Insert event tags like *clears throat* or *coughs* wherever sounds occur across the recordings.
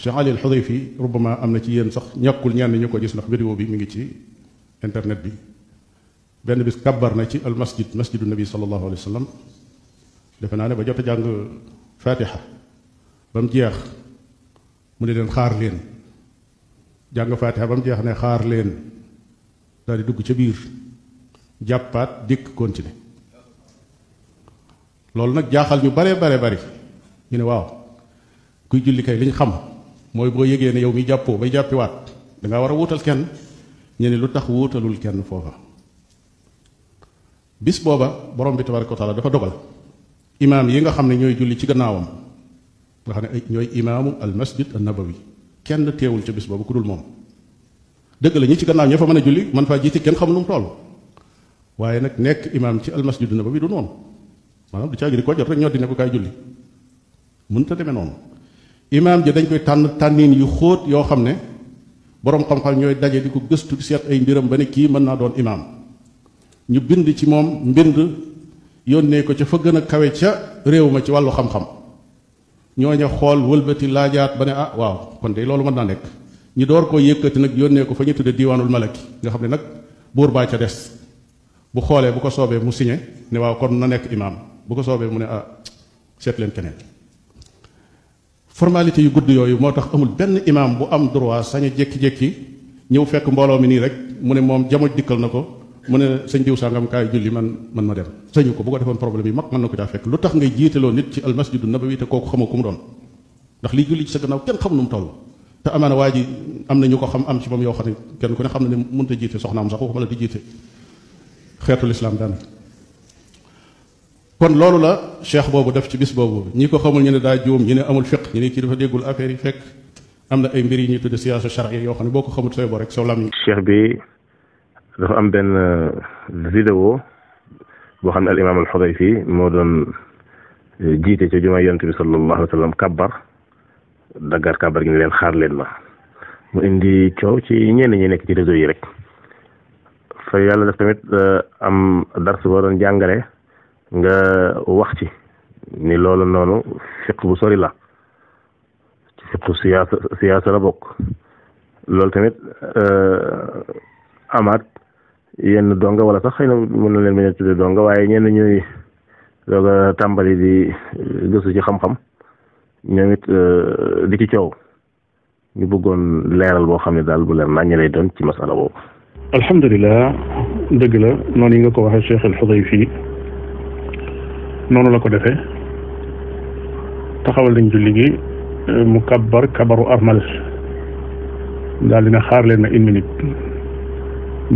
Cheikh Ali al Xudayfi ربما amna ci yéen sax ñakul ñan ñuko gis nak vidéo bi mi ngi ci internet bi ben bis kabar na ci al masjid masjidun nabi sallallahu alayhi wasallam def defe naa ba jotta jàng fatiha bam jeex mu ne leen xaar leen jàng fatiha bam jeex ne xaar leen daal di dugg ci bir jappat dik continue lol nak jaaxal ñu bare bare bare ñu ne waaw kuy julli kay liñ xam mooy boo yëgee ne yow mi jàppoo bay jàppiwaat danga war a wuutal kenn ñu ne lu tax wuutalul kenn foofa bis booba borom bi tabaraka wa taala dafa dogal imaam yi nga xam ne ñooy julli ci gannaawam nga xam ne ay ñooy imaamu al masjid an nabawi kenn teewul ca bis booba ku dul moom dëgg la ñi ci gannaaw ña fa mën a julli man faa jiite kenn xamul nu mu toll waaye nag nekk imaam ci al masjid an nabawi du noonu maanaam du caagi di ko jot rek ñoo di ne ko kaay julli mënut a demee noonu imaam ji dañ koy tànn tànniin yu xóot yoo xam ne boroom xam-xam ñooy daje di ko gëstu di seet ay mbiram ba ne kii mën naa doon imaam ñu bind ci moom mbind yónnee ko ca fa gën a kawe ca réew ma ci wàllu xam-xam ñooña xool wëlbati laajaat ba ne ah waaw kon de loolu mën naa nekk ñu door koo yëkkati nag yónnee ko fa ñu tudde diiwaanul malaki nga xam ne nag buur baa ca des bu xoolee bu ko soobee mu signé ne waaw kon na nekk imaam bu ko soobee mu ne ah seet leen formalité yu gudd yooyu moo tax amul benn imaam bu am droit sañ a jékki-jékki ñëw fekk mbooloo mi nii rek mu ne moom jamono dikkal na ko mu ne sëñ diw sangam kaay julli man man ma dem sañu ko bu ko defoon problème yi mag mën na ko caa fekk lu tax ngay jiitaloo nit ci almasjidu nabawi te kooku xamoo ku mu doon ndax liy julli ci sa gannaaw kenn xam nu mu toll te amaana waa ji am na ñu ko xam am ci moom yoo xam ne kenn ku ne xam ne ne mënut a jiite soxnaam sax waxuma la di jiite xeetu lislaam daanaka kon loolu la cheikh boobu def ci bis boobu ñi ko xamul ñu ne daa juum ñu ne amul fiq ñu ne kii dafa déggul affaire yi fekk am na ay mbir yi ñuy tudde siyaasa charia yoo xam ne boo ko xamul sooy bo rek soo lam cheikh bi dafa am benn euh, vidéo boo xam ne al imaam al xudayfi moo doon euh, jiite ca jumaa yonent bi sallallahu alayhi wa sallam kabbar daggar kabbar gi ne leen xaar leen ma mu indi coow ci ñenn ñi nekk ci réseau yi rek fa yàlla def tamit euh, am dars boo doon jàngale nga wax ci ni loolu noonu fiq bu sori la ci siyaasa siyaasa la bokk loolu tamit euh, amaat yenn donga wala sax xëy na mën na leen mën a donga waaye ñenn ñuy doog a tàmbali di gëstu ci xam-xam ñoom it euh, di ki coow ñu buggoon leeral boo xam ne daal bu leer naññi lay doon ci masala boobu alhamdulilah dëgg la noonu yi nga ko waxee Cheikh al noonu la ko defee taxawal nañ julli gi euh, mu kabbar kabaru armal daal dina xaar leen na une minute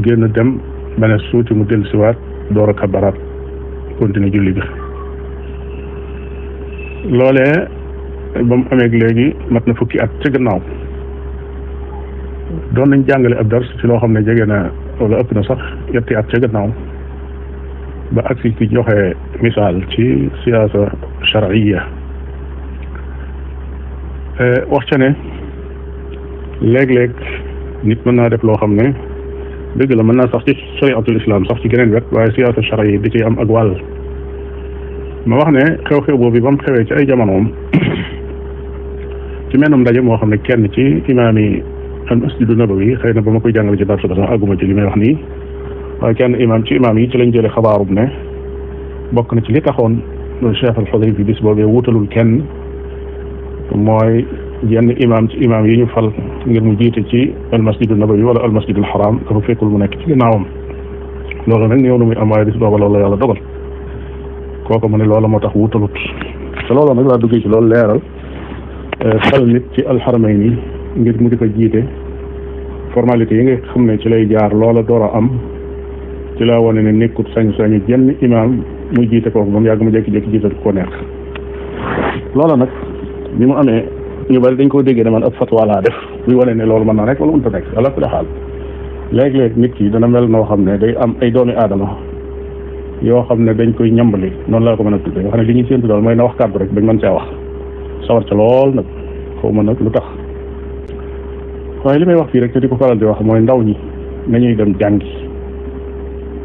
génn dem ba ne suuti mu dellu siwaat door a kabaraat continuer julli bi loolee ba mu amee léegi mat na fukki at ci gannaaw doon nañ jàngale ab dars ci loo xam ne jege na wala ëpp na sax yetti at ci gannaaw ba agsi ci joxe misaal ci siyaasa sharciya e, wax ca ne léeg-léeg nit mën naa def loo xam ne dëgg la mën naa sax ci shariatul islam sax ci geneen wet waaye siyaasa sharciya di ciy am ak wàll ma wax ne xew-xew boobu ba xewee ci ay jamonoom ci mennum ndaje moo xam ne kenn ci imaam yi al masjidu nabawi xëy na ba ma koy jàngale ci darsu ba sax àgguma ci li may wax nii waaye kenn imaam ci imaam yi ci lañ jëlee xabaarub ne bokk na ci li taxoon Cheikh al-Xudaybi bis boobee wutalul kenn mooy yenn imaam ci imaam yi ñu fal ngir mu jiite ci almasjidu nabawi wala almasjidu alxaram dafa fekkul mu nekk ci ginnaawam loolu nag néew na muy am waaye bis booba loolu la yàlla dogal kooku mu ne loolu moo tax wutalut te loolu ci loolu leeral eh, fal ci alxaramayn yi ngir mu jiite formalité yi nga xam ne ci lay jaar lool door a am ci laa wane ne nekkut sañ-sañu jenn imaam muy jiite kooku ba mu yàgg mu jékki-jékki jiital ko neex loola nag bi mu amee ñu bari dañ koo déggee ne man ab fatwa laa def muy wane ne loolu man na rek wala mënta nekk ala kulli xaal léeg-léeg nit ki dana mel noo xam ne day am ay doomi aadama yoo xam ne dañ koy ñambali noonu laa ko mën a tuddee yoo ne li ñuy séntu daal mooy na wax kàddu rek bañ mën caa wax sawar ca lool nag xaw ma nag lu tax waaye li may wax fii rek te di ko faral di wax mooy ndaw ñi nañuy dem jàngi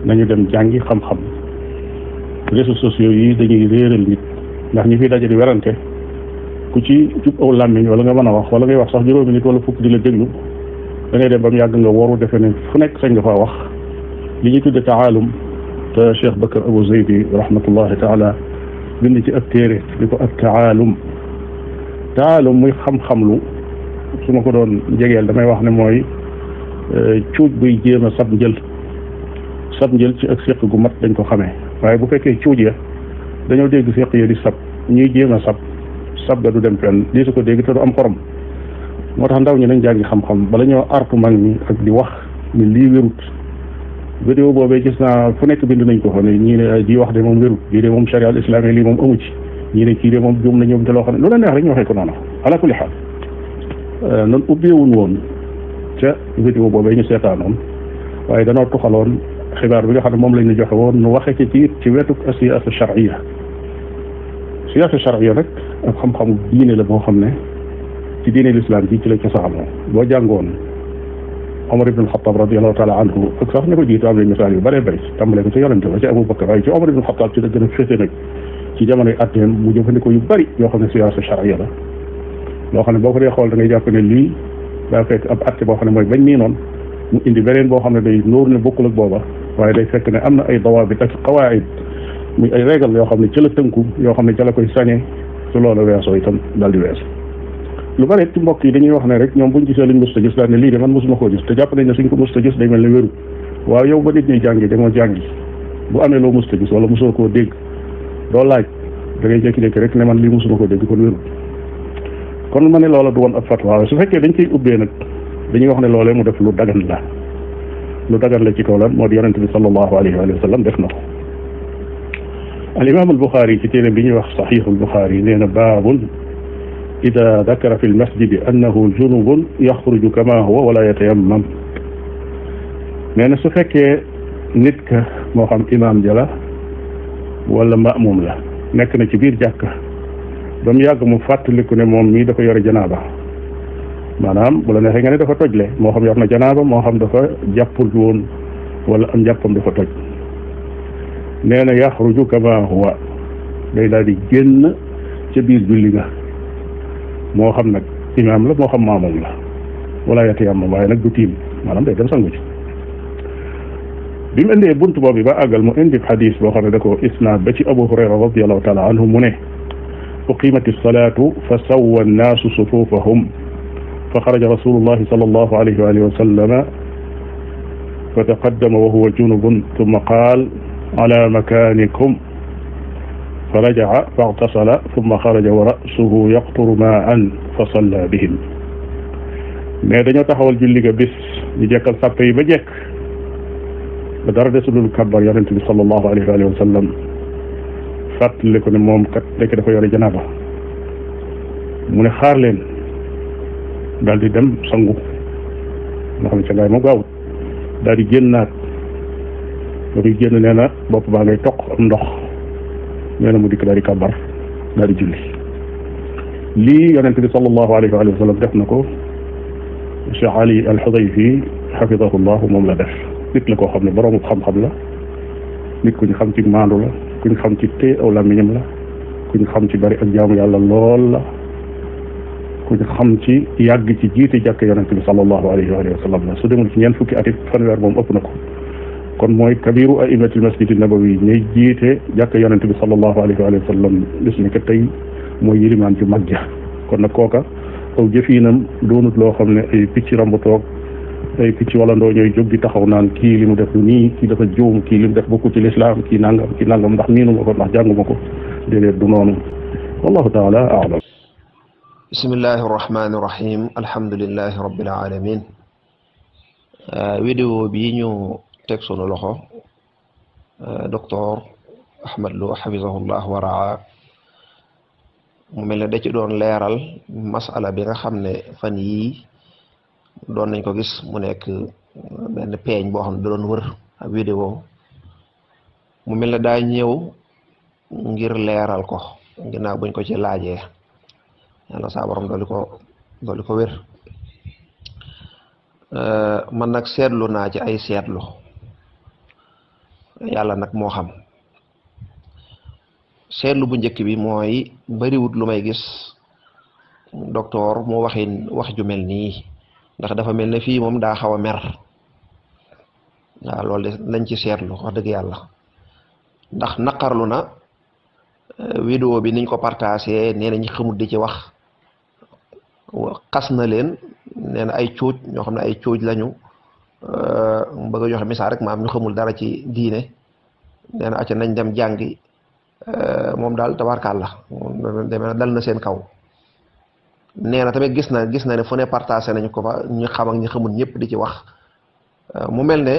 nañu dem jàngi xam-xam réseaux sociaux yi dañuy réeral nit ndax ñu fiy daje di werante ku ci jub aw làmmiñ wala nga mën a wax wala ngay wax sax juróomi nit wala fukk di la déglu da ngay dem ba mu yàgg nga waru defe ne fu nekk sañ nga faa wax li ñuy tudde taalum te Cheikh Bakar Abou Zeydi rahmatullahi taala bind ci ab téere di ko ak taalum taalum muy xam-xamlu su ma ko doon jegeel damay wax ne mooy eh, cuuj buy jéem a sab njël sab njël ci ak séq gu mat dañ ko xamee waaye bu fekkee cuuj ya dañoo dégg séq ya di sab ñuy jéem a sab sab ga du dem fenn lii su ko dégg te du am xorom moo tax ndaw ñi nañ jàngi xam-xam bala ñoo artu mag mi ak di wax ni lii wérut vidéo boobee gis naa fu nekk bind nañ ko fa ne ñii ne di wax de moom wérut lii de moom charia al islami lii moom amu ci ñii ne kii de moom juum na ñoom te loo ne lu la neex rek ñu waxee ko noonu ala kulli xaal euh, noonu ubbeewuñ woon ca vidéo boobee ñu seetaanoon waaye danoo xibaar bi nga xam ne moom lañ ñu joxe woon nu waxe ci ci ci wetu siyaasa charia siyaasa charia nag ak xam-xamu diine la boo xam ne ci diine lislaam bi ci la cosaanoo boo jàngoon Omar ibn Xattaab radiallahu taala anhu ak sax ñu ko jiitu am nañ misaal yu bëree bëri tàmbale ko ci yonente ba ci Abu Bakar waaye ci Omar ibn Xattaab ci la gën a féete nag ci jamonoy atteen mu jëfandikoo yu bëri yoo xam ne siyaasa charia la loo xam ne boo ko dee xool da ngay jàpp ne lii daa fekk ab atte boo xam ne mooy bañ nii noonu mu indi beneen boo xam ne day nóoru ne bokkul ak booba waaye day fekk ne am na ay dawaabit ak qawaid muy ay régal yoo xam ne ca la tënku yoo xam ne ca la koy sañe su loolu weesoo itam daal di weesu lu bare ci mbokk yi dañuy wax ne rek ñoom buñ gisee luñ mos a ne lii de man mosuma koo gis te jàpp a gis day mel ne wéru waaw yow ba nit ñuy jàngi damoo jàngi bu amee loo mos a gis wala mosoo koo dégg doo laaj dangay ngay jékki rek ne man lii mosuma koo dégg kon wéru kon ma ne loola du woon ab fatwa su fekkee dañ koy ubbee nag dañuy wax ne loolee mu def lu dagan la lu dagan la ci toolam moo di yonent bi sallallahu alayhi wa sallam def na ko al imam al buxaari ci téere bi ñuy wax saxiixul buxaari nee na baabun ida dakara fi lmasjidi annahu junubun yaxruju kama huwa wala yatayammam nee na su fekkee nit ka moo xam imaam ja la wala maamum la nekk na ci biir jàkka ba mu yàgg mu fàttaliku ne moom mii dafa yore janaaba maanaam bu la neexee nga ne dafa tojle moo xam yor na janaaba moo xam dafa jàppul woon wala am jàppam dafa toj nee na yaxruju kama huwa day daal di génn ca biir julli nga moo xam nag imaam la moo xam maamum la yam yatayamam waaye nag du tiim maanaam day dem sangu ci bi mu indee bunt boobu ba àggal mu indi xadis boo xam ne da ko isnaad ba ci abu hurayra radiallahu taala anhu mu ne uqimat as-salaatu fa sawwa an-naasu sufufahum فخرج رسول الله صلى الله عليه وآله وسلم فتقدم وهو جنب ثم قال على مكانكم فرجع فاغتسل ثم خرج ورأسه يقطر ماء فصلى بهم mais dañoo taxawal julli ga bis ñu jekkal sàppe yi ba jekk ba dara desulul kabbar yonente bi salallahu alayhi wa sallam fàttali ko ne moom kat nekk dafa yore janaaba mu ne xaar leen daal di dem sangu nga xam ne di génnaat ba muy génn nee na bopp baa ngay toq am ndox nee na mu dikk daal di kàbbar daal di julli lii yonent bi sallallahu alayhi wa def na ko Cheikh Ali al-Xudayfi xafidahullah moom la def nit la koo xam ne boroomu xam la nit ku xam ci maandu la ku ñu xam ci tée aw làmmiñam la ku xam ci bari ak jaamu yàlla lool la ku xam ci yàgg ci jiite jàkk yonente bi salallahu alayhi wa sallam la su demul ci ñeen fukki at fanweer moom ëpp na ko kon mooy kabiru aimatil masjidi nabawi ñay jiite jàkk yonente bi salallahu alayhi wa sallam bis ni ko tey mooy yilimaan ju mag ja kon nag kooka aw jëfiinam doonut loo xam ne ay picc ramb toog ay picc wala ndoo ñooy jóg di taxaw naan kii li mu def lu nii kii dafa juum kii li mu def bokku ci lislaam kii nangam kii nangam ndax miinuma ko ndax jànguma ko déedéet du noonu wallahu taala aalam bismillahi irrahmani irrahim alhamdulilahi rabbil alamin euh, vidéo bii ñu teg sunu loxo euh, docteur Ahmad Lo xafisahullah wa raa mu mel ne da ci doon leeral masala bi nga xam ne fan yii doon nañ ko gis mu nekk euh, benn peeñ boo xam ne da doon wër ak vidéo mu mel ne daa ñëw ngir leeral ko ginnaaw buñ ko ci laaje yalla sa borom dooli ko dooli ko wér man nak setlu na ci ay setlu yalla nak mo xam setlu bu njëkk bi bari wut lu may gis docteur mo waxin wax ju melni ndax dafa melni fi mom da xawa mer waaw nah, lol de nañ ci setlu wax deug yalla ndax na vidéo eh, bi niñ ko partager né nañ xamul di ci wax xas na leen nee na ay cuuj ñoo xam ne ay cuuj lañu euh, bëgg a joxe misaal rek maam ñu xamul dara ci diine nee na acca nañ dem jàngi euh, moom daal tabarkaal la dal na seen kaw nee na tamit gis na gis na ne fu ne partagé nañu ko fa ñu xam ak ñu xamul ñëpp di ci wax euh, mu mel ne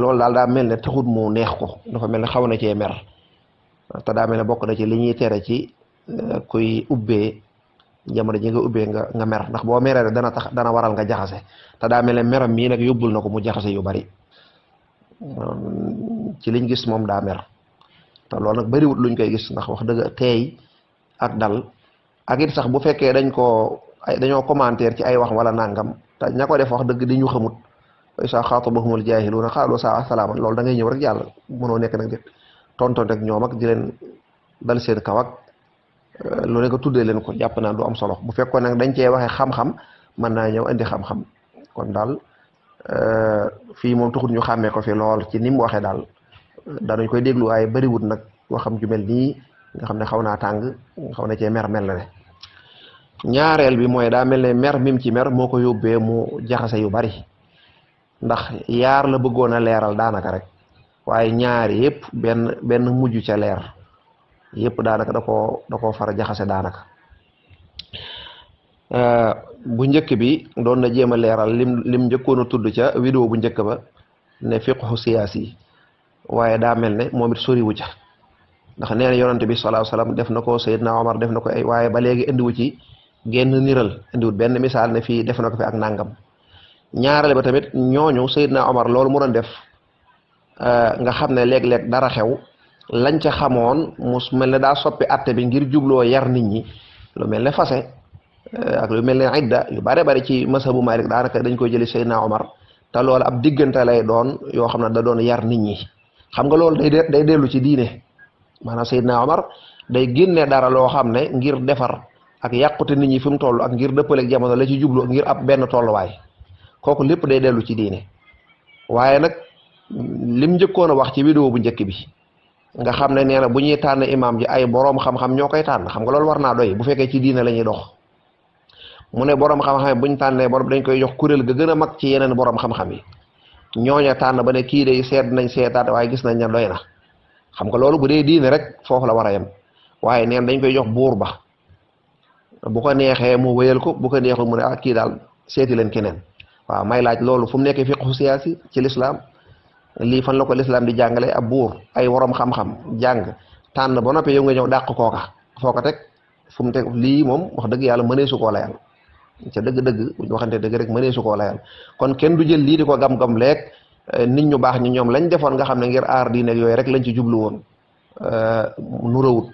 loolu daal daa mel ne taxut mu neex ko dafa mel ne xaw na cee mer te daa mel ne bokk na ci li ñuy tere ci kuy ubbee jamono ji nga nga nga mer ndax boo meree dana tax waral nga jaxase te daa mel ne meram mii nag yóbbul na ko mu jaxase yu bari ci liñ gis moom daa mer te loolu nag bariwut luñ koy gis ndax wax dëgg teey ak dal ak it sax bu fekkee dañ koo ay dañoo ci ay wax wala nangam te ña ko def wax dëgg di ñu xamut isa xaatabahumul jaahiluuna xaalu saa asalaama loolu da ngay ñëw rek yàlla mënoo nekk nag di tontoon rek ñoom ak di leen dal seen kaw Euh, lu ko tuddee leen ko jàpp naa du am solo bu fekkoon nag dañ cee waxee xam-xam mën naa ñëw indi xam-xam kon daal euh, fii moom taxul ñu xàmmee ko fi lool ci ni mu waxee daal danañ koy déglu waaye bariwut nag waxam ju mel nii nga xam ne xaw naa tàng xaw na cee mer mel na ne ñaareel bi mooy daa mel ne mer mim ci mer moo ko yóbbee mu jaxase yu bari ndax yaar la bëggoon a leeral daanaka rek waaye ñaar yépp benn benn mujj ca leer yëpp daanaka da koo da koo fara jaxase daanaka euh, bu njëkk bi doon na jéem a leeral lim lim njëkkoon a tudd ca vidéo bu njëkk ba ne fiqhu siyaas yi waaye daa mel ne moom it soriwu ca ndax nee na yonante bi sallallahu alayhi def na ko Seydina Omar def na ko ay waaye ba léegi indiwu ci génn niral indiwut benn misaal ne fii def na ko fi ak nangam ñaarale ba tamit ñooñu Seydina Omar loolu mu doon def euh, nga xam ne léeg-léeg dara xew lañ ca xamoon mu mel ne daa soppi atte bi ngir jubloo yar nit ñi lu mel ne fase eh, ak lu mel ne idda yu bare bare ci bu Malik daanaka dañ koy jëli Seydina Omar te loolu ab diggante lay doon yoo xam ne doon yar nit ñi xam nga loolu day dellu ci diine maanaam Seydina Omar day génne dara loo xam ne ngir defar ak yàqute nit ñi fi mu toll ak ngir dëppaleeg jamono la ci jublu ngir ab benn tolluwaay kooku lépp day dellu ci diine waaye nag lim njëkkoon a wax ci vidéo bu njëkk bi nga xam ne nee na bu ñuy tànn imaam ji ay boroom xam-xam ñoo koy tànn xam nga loolu war naa doy bu fekkee ci diina la ñuy dox mu ne boroom xam-xam bu ñu tànnee boroom dañ koy jox kuréel ga gën a mag ci yeneen boroom xam-xam yi ñooña tànn ba ne kii de seet nañ seetaat waaye gis nañ ne doy na xam nga loolu bu dee diine rek foofu la war a yem waaye neen dañ koy jox buur ba bu ko neexee mu wéyal ko bu ko neexul mu ne ah kii daal seeti leen keneen waaw may laaj loolu fu mu nekk fiqhu siyaasi ci lislaam lii fan la ko lislaam di jàngale ab buur ay worom xam-xam jàng tànn ba noppi yow nga ñëw dàq kooka foo ko teg fu mu teg lii moom wax dëgg yàlla mënee su koo layal ca dëgg-dëgg bu dëgg rek mënee su koo layal kon kenn du jël lii di ko gam-gam leeg eh, nit ñu baax ñu ñoom lañ defoon nga xam ne ngir aar diine yooyu rek lañ ci jublu woon eh, nurawut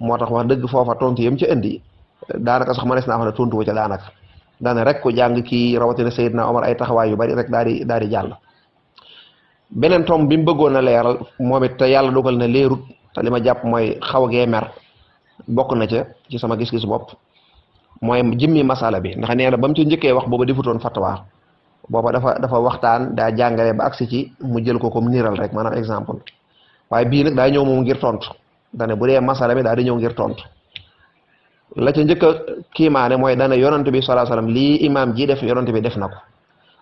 moo tax wax dëgg foofa tontu yam ci indi daanaka sax mënees naa wax ne tontu wu ca daanaka daane rek ko jàng kii rawatina Seydina Omar ay taxawaay yu bari re daal di daal di jàll benen tom bim mu bëggoon a leeral te yalla dogal na leerut te lima ma moy xaw ge mer bokk na ca ci sama gis-gis bop moy jimmi masala bi ndax neena bam ci njëkkee wax booba defutoon fatwa booba dafa dafa waxtaan daa jangale ba aksi ci mu jël ko comme niral rek manam exemple waaye bi nak daa ñew moom ngir tontu dane bu dee masala bi daa di ñëw ngir tontu la ca njëkk a kiimaane mooy dane yonante bi sallallahu alayhi wasallam li imam ji def yonante bi def nako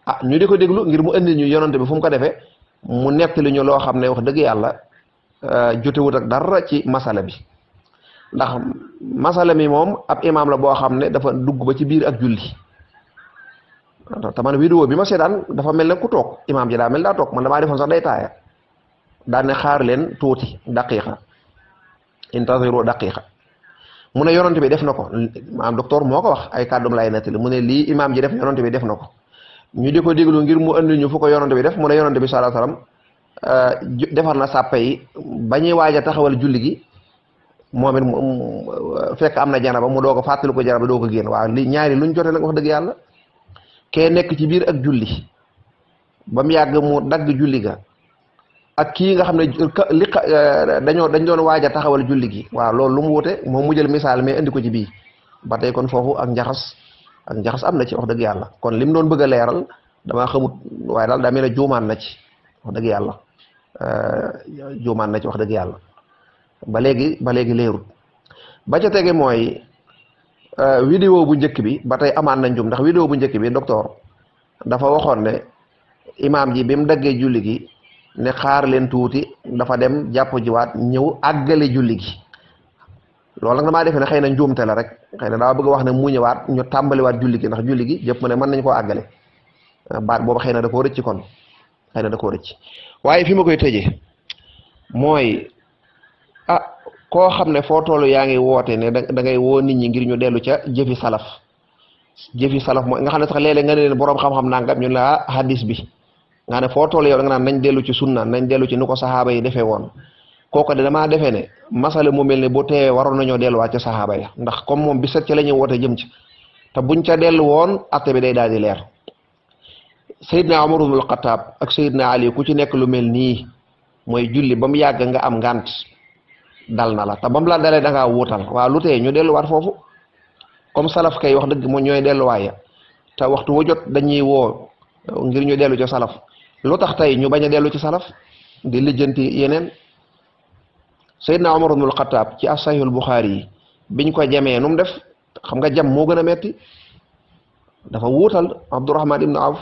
ah ñu diko deglu ngir mu andi ñu yonante bi fu mu ko defee mu nettali ñu loo xam ne wax dëgg yàlla euh, jotewut ak dara ci masala bi ndax masala mi moom ab imaam la boo xam ne dafa dugg ba ci biir ak julli te man vidéo bi ma seetaan dafa mel ne ku toog imaam ji daa mel daa toog man damaa defoon sax day xaar leen tuuti daqiqa intaziru daqiqa mu ne yonent def na ko maanaam docteur moo ko wax ay kàddum laay nettali mu ne lii imaam ji def yonent bi def na ko ñu di ko ngir mu andi ñu fu ko yonante bi def moo ne yonante bi sallallahu alayhi euh, defar na sàppe yi ba ñuy waaj a taxawal julli gi moom it am na janaba mu doog a fàttali ko janaba doog a génn ñaari luñ jotee la nga wax dëgg yàlla kee nekk ci biir ak julli ba mu yàgg mu dagg julli ga ak kii nga xam ne euh, dañoo dañ doon waaja taxawal julli gi waaw lool lu mu wute moom mu jël misaal mais andi ko ci bii ba tey kon foofu ak njaxas ak njaxas am na ci wax dëgg yàlla kon lim doon bëgg a leeral damaa xamut waaye daal daa mel ne juumaan na ci wax dëgg yàlla euh, juumaan na ci wax dëgg yàlla ba léegi ba léegi leerut ba ca tege mooy euh, vidéo bu njëkk bi ba tey amaan na njum ndax vidéo bu njëkk bi docteur dafa waxoon ne imaam ji bi mu daggee julli gi ne xaar leen tuuti dafa dem jàpp jiwaat ñëw àggale julli gi loolu nag damaa defee ne xëy na njuumte la rek xëy na daa bëgg a wax ne mu ñëwaat ñu tàmbaliwaat julli gi ndax julli gi jëpp mu ne mën nañu koo àggale ah, baat boobu xëy na da koo rëcc kon xëy na da koo rëcc waaye fi ma koy tëjee mooy ah koo xam ne foo toll yaa ngi woote ne da ngay woo nit ñi ngir ñu dellu ca jëfi salaf jëfi salaf mooy nga xam ne sax léeg-léeg nga ne leen boroom xam-xam nangam ñu la ah, hadis bi nga ne foo toll yow da nga naan nañ dellu ci sunna nañ dellu ci nu ko saxaaba yi defee woon koko de damaa defee ne masala mo mel bo bu waro nañu nañoo delluwaat sahaba ya ndax comme mom bi ca lañu ñu jëm ci ta buñ ca dellu won atte bi day daal di leer umar ibn al-khattab ak sayyidna Ali ku ci nek lu melni moy julli bam yag nga am ngant dal na la ta bam la dalé da nga wotal wa lu ñu fofu comme salaf kay wax dëgg ñoy ñooy waya ta waxtu wu jot dañuy wo ngir ñu delu ci salaf lutax tay ñu baña ci salaf di lijjanti yenen Seydina Omar ibnul Xataab ci asahihul Buxaari yi biñ ko jamee nu mu def xam nga jam moo gën a metti dafa wuutal Abdurahman ibnu Awf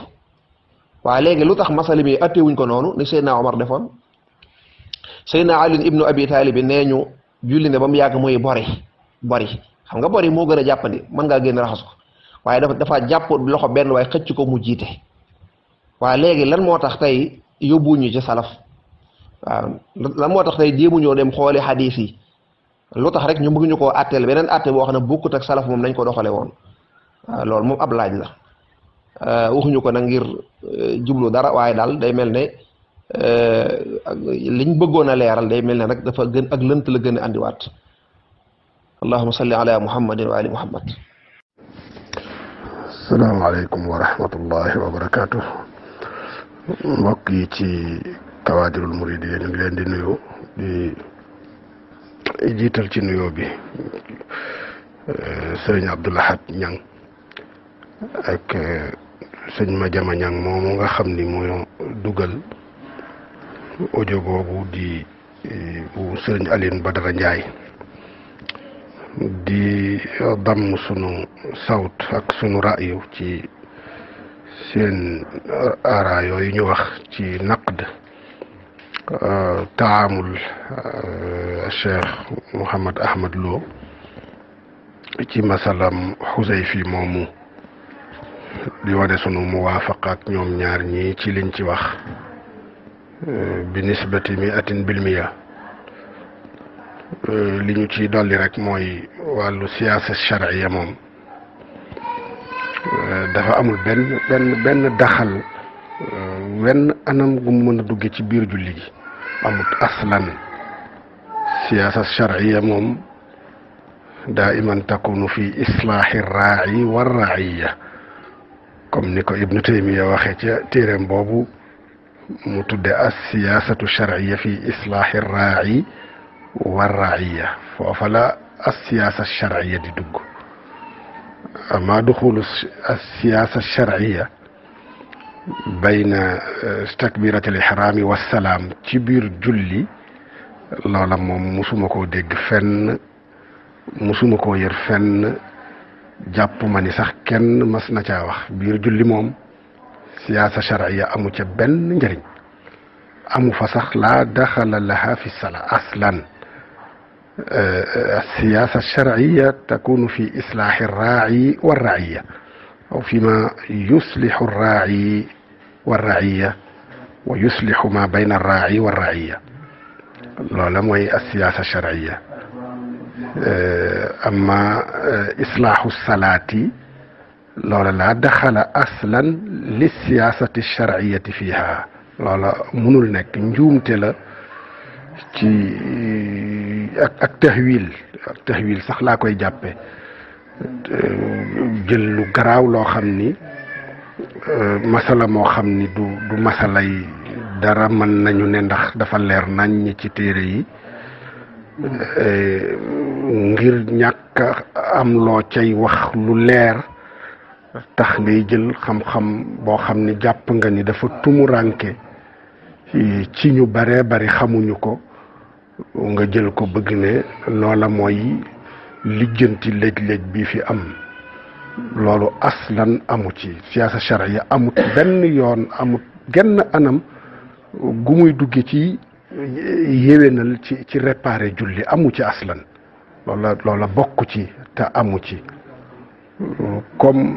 léegi lu tax masalim yi attewuñ ko noonu ni Seydina Omar defoon Seydina Ali ibnu Abi Taalib nee ñu julli ne ba mu yàgg muy bori bori xam nga bori moo gën a jàppandi mën ngaa génn raxas ko waaye dafa dafa jàpp loxo benn waaye xëcc ko mu jiite waaye léegi lan moo tax tey ñu ci salaf waaw lan moo tax tey jéemu ñoo dem xooli xadiis yi lu tax rek ñu bëgg ñu koo àtteel beneen àtte boo xam ne bokkut ak salaf moom nañ ko doxale woon waaw moom ab laaj la euh, waxuñu ko nag ngir euh, jublu dara waaye daal day mel ne euh, liñ bëggoon a leeral day mel ne rek dafa gën ak lënt la gën a andiwaat allahuma salli ala muhammadin wa ali muhammad salaamaaleykum wa rahmatullahi wa barakaatu mbokk mu ci tawadirul murid ñu ngi leen di nuyu di jital ci nuyo bi eh, abdullah hat ñang ak eh, serigne ma ñang momu nga xamni ni duggal dugal audio boobu di eh, bu serigne aline badara ndjay di dam sunu saut ak sunu raayu ci seen ara yoy ñu wax ci naqd Euh, taamul euh, Cheikh Mouhamad Ahmad Lo ci masalam Xuseyfi moomu di wane sunu muwaafaqa ak ñoom ñaar ñii ci liñ ci wax euh, bi nisbati mi atin bilmiya li ñu ci dolli rek mooy wàllu siyaasa charia moom dafa amul benn daxal wenn anam gu mu a dugge ci biir julli gi amut aslan siyaasa sharciya moom daiman takunu fi islaahi raaci wa raaciya comme ni ko ibnu taymiya waxe ca téeréem boobu mu tudde as siyaasatu sharciya fi islaahi raaci wa raaciya foofa la as siyaasa sharciya di dugg ama duxulu as siyaasa sharciya بين آه، تكبيرة الإحرام والسلام تبير جلي لولا مسومكو ديغ فن مسومكو يرفن فن جابو ماني سخ كن مسنا تاوخ بير جلي موم سياسة شرعية أمو تبن نجرين أمو فسخ لا دخل لها في الصلاة أصلا السياسة الشرعية تكون في إصلاح الراعي والرعية أو فيما يصلح الراعي والرعية ويصلح ما بين الراعي والرعية العلماء السياسة الشرعية آه، أما آه، إصلاح الصلاة لولا لا دخل أصلا للسياسة الشرعية فيها لولا منول نك نجوم تلا تي آه، اك تهويل تهويل سخلا كوي جابي Euh, jël lu garaaw loo xam ni euh, masala moo xam ni du masala yi dara mën nañu ne ndax dafa leer nañ ci téere yi euh, ngir ñàkk am loo cay wax lu leer tax ngay jël xam-xam boo xam ni jàpp nga ni dafa tumuranke ci ñu baree bari xamuñu ko nga jël ko bëgg ne loola mooy lijjanti léeg-léeg bii fi am loolu aslan amu ci siyaasa charia amut benn yoon amut genn anam gu muy dugge ci yéwénal ci ci réparé julli amu ci aslan loola loola bokk ci te amu ci comme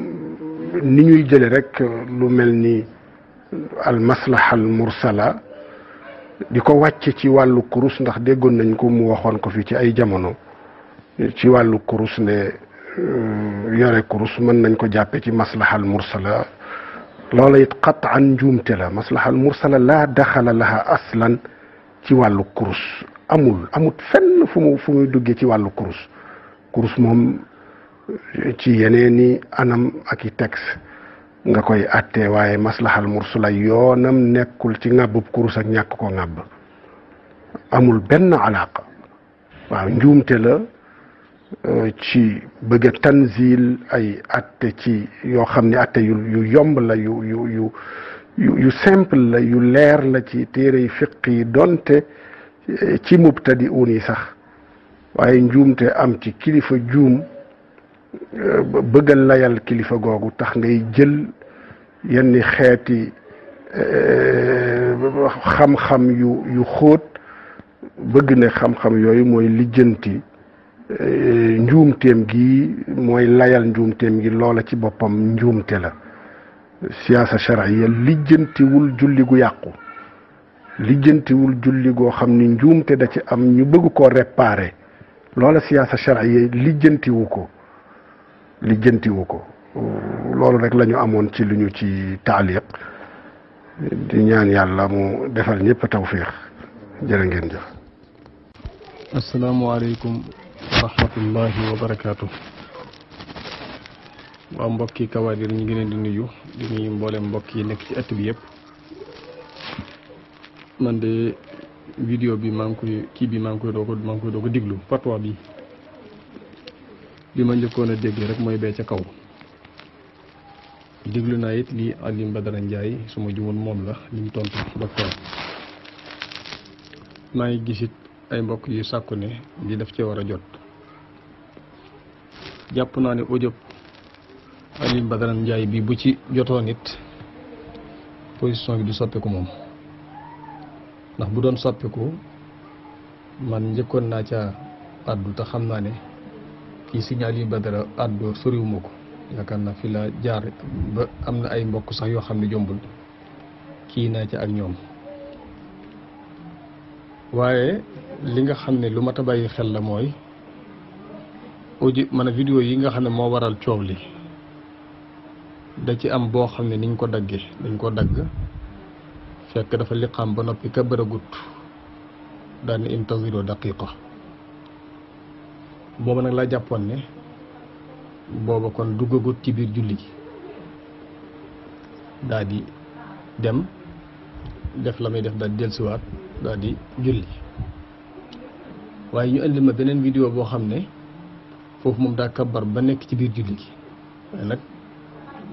ni ñuy jële rek lu mel ni al maslaha al mursala di ko wàcce ci wàllu kurus ndax déggoon nañ ko mu waxoon ko fii ci ay jamono ci wàllu kurus ne euh, yore kurus mën nañ ko jàppe ci maslahal mursala loola it qataan njuumte la maslahal mursala laa daxala laha aslan ci wàllu kurus amul amut fenn fu mu duggee ci wàllu kurus kurus moom euh, ci yeneeni anam ak i texte nga koy àttee waaye maslahal mursala yoonam nekkul ci ŋàbbub kurus ak ñàkk ko ŋàbb amul benn alaaqa waaw njuumte la Euh, ci bëgg a ay atte ci yoo xam ne atte yu yu yomb la yu yu yu yu simple la yu leer la ci téere yi fiq yi donte euh, ci mubtadi uun yi sax waaye njuumte am ci kilifa juum euh, bëgg layal kilifa googu tax ngay jël yenn xeeti xam-xam yu yu bëgg ne xam-xam yooyu mooy lijjanti Eh, njuumteem gi mooy layal njuumteem gi loola ci boppam njuumte la siyaasa charia lijjantiwul julli gu yàqu lijjantiwul julli goo xam ni njuumte da ci am ñu bëgg koo réparer loola siyaasa charia lijjantiwu ko lijjantiwu ko loolu rek lañu amoon ci lu ñu ci taaliq di ñaan yàlla mu defal ñëpp tawfiix jërë ngeen jëf warahmatullahi wa barakaatu waa mbokki Kawaadir ñu ngi leen di nuyu di nuyu mboolem mbokk yi nekk ci ëtt bi yëpp man de vidéo bi maa koy kii bi maa koy doog a koy doog diglu fatwa bi li ma njëkkoon a dégg rek mooy bee ca kaw diglu naa it lii Alioune Badara Ndiaye su ma juwoon la li tontu docteur maa ngi ay mbokk yu sàkku ne li daf cee war jot japp na ni audio jai Badara jay bi bu ci joto nit position bi du ko mom ndax bu doon ko man njëkkoon na ca addu ta xam naa ne signal yi Badara addu fi la jaar ba amna ay mbokk sax yo xamni jombul ki na ca ak ñom waye li nga bayi lu mata bayyi xel la moy audio mana video yi nga xamne mo waral ciow li da ci am bo xamne niñ ko dagge dañ ko dagg fekk dafa liqam ba nopi ka bëragut dan ni daqiqa booba nak la jàppoon ne kon duggagut ci bir julli dadi dem def lamay def daal di dellusiwaat daal di julli waye ñu andi ma benen video bo xamne fofu mom da kabar ba nek ci bir julli gi nak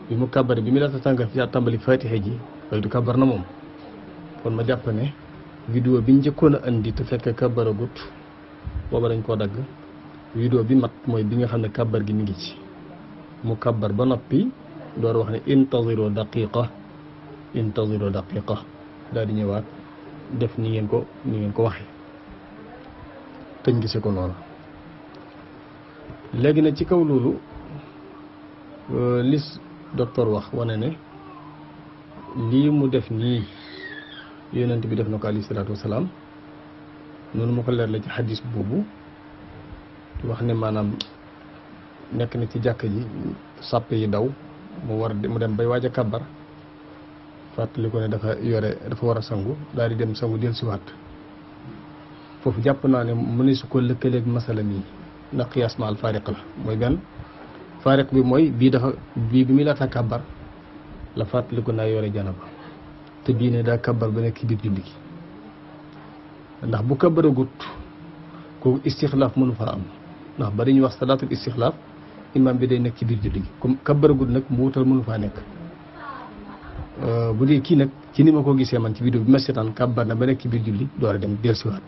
bi mu kabar bi mi la tangal fi daa tàmbali fatiha ji loolu du kabar na mom kon ma japp ne vidéo bi njëkkoon andi te fekk kabar agut booba dañ ko dag video bi mat moy bi nga xamne kabbar kabar gi mi ngi ci mu kabbar ba nopi door wax ne intaziru daqiqa intaziru daqiqa da di ñewat def ni ngeen ko ni ngeen ko waxee gi se ko léegi nag ci kaw loolu euh, lis docteur wax wane ne lii mu def nii yonent bi def na ko alayhi salaatu noonu ma ko leer la ci xadis boobu wax ne maanaam nekk na ci jàkk ji sàpp yi daw mu war mu dem bay waaj a kàbbar fàttali ne dafa yore dafa war a sangu daal di dem sangu dellusiwaat foofu jàpp naa ne mu ne su ko lëkkaleeg masala mii na qiyas ma al fariq la moy gan fariq bi moy bi dafa bi bi muy laata kàbbar la ko na yore janaba te bii ne daa kàbbar ba nekk biir julli ndax bu gut ko istikhlaf mun fa am ndax ba dañuy wax salatu istikhlaf imam bi day nek ci biir julli kum comme gut nak mu wutal mënu faa nekk euh, bu dee kii ci ni gisee man ci video bi ma setan na ba nek ci julli door a dem wat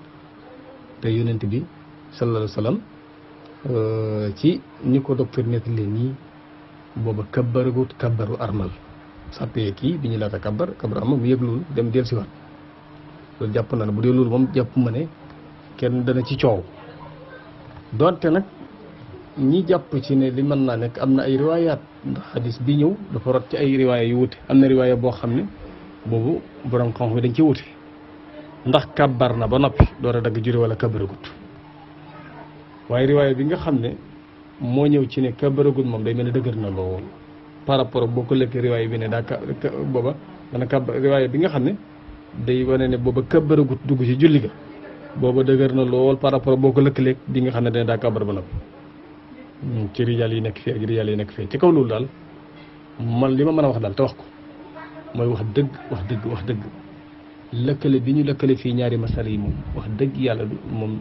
te yonent bi sallallahu alaihi wasallam Euh, ci ni ko docteur nekk leen nii booba kabaragut kabaru armal sàppee kii bi ñu laata kabar kabaru armal mu yëg loolu dem del siwaat loolu jàpp naa ne bu dee loolu moom jàpp ma ne kenn dana ci coow doonte nag ñi jàpp ci ne li mën naa nekk am na ay riwaayaat ndax xadis bi ñëw dafa rot ci ay riwaaya yu wute am na riwaaya boo xam ne boobu borom xam-xam dañ ci wute ndax kabar na ba noppi door a dagg jure wala kabaragut waaye riwaaya bi nga xam ne moo ñëw ci ne kabaragul moom day mel ne dëgër na lool par rapport boo ko lëkkee riwaaya bi ne daa ka booba dana kab riwaaya bi nga xam ne day wane ne booba kabaragut dugg ci julli ga booba dëgër na lool par rapport boo ko lëkkaleeg bi nga xam ne dana daa kabar ba noppi hmm, ci rijaal yi nekk fii ak rijaal yi nekk fii ci kaw loolu daal man li ma mën a wax daal te wax ko mooy wax dëgg wax dëgg wax dëgg lëkkale bi ñu lëkkale fii ñaari masal yi moom wax dëgg yàlla moom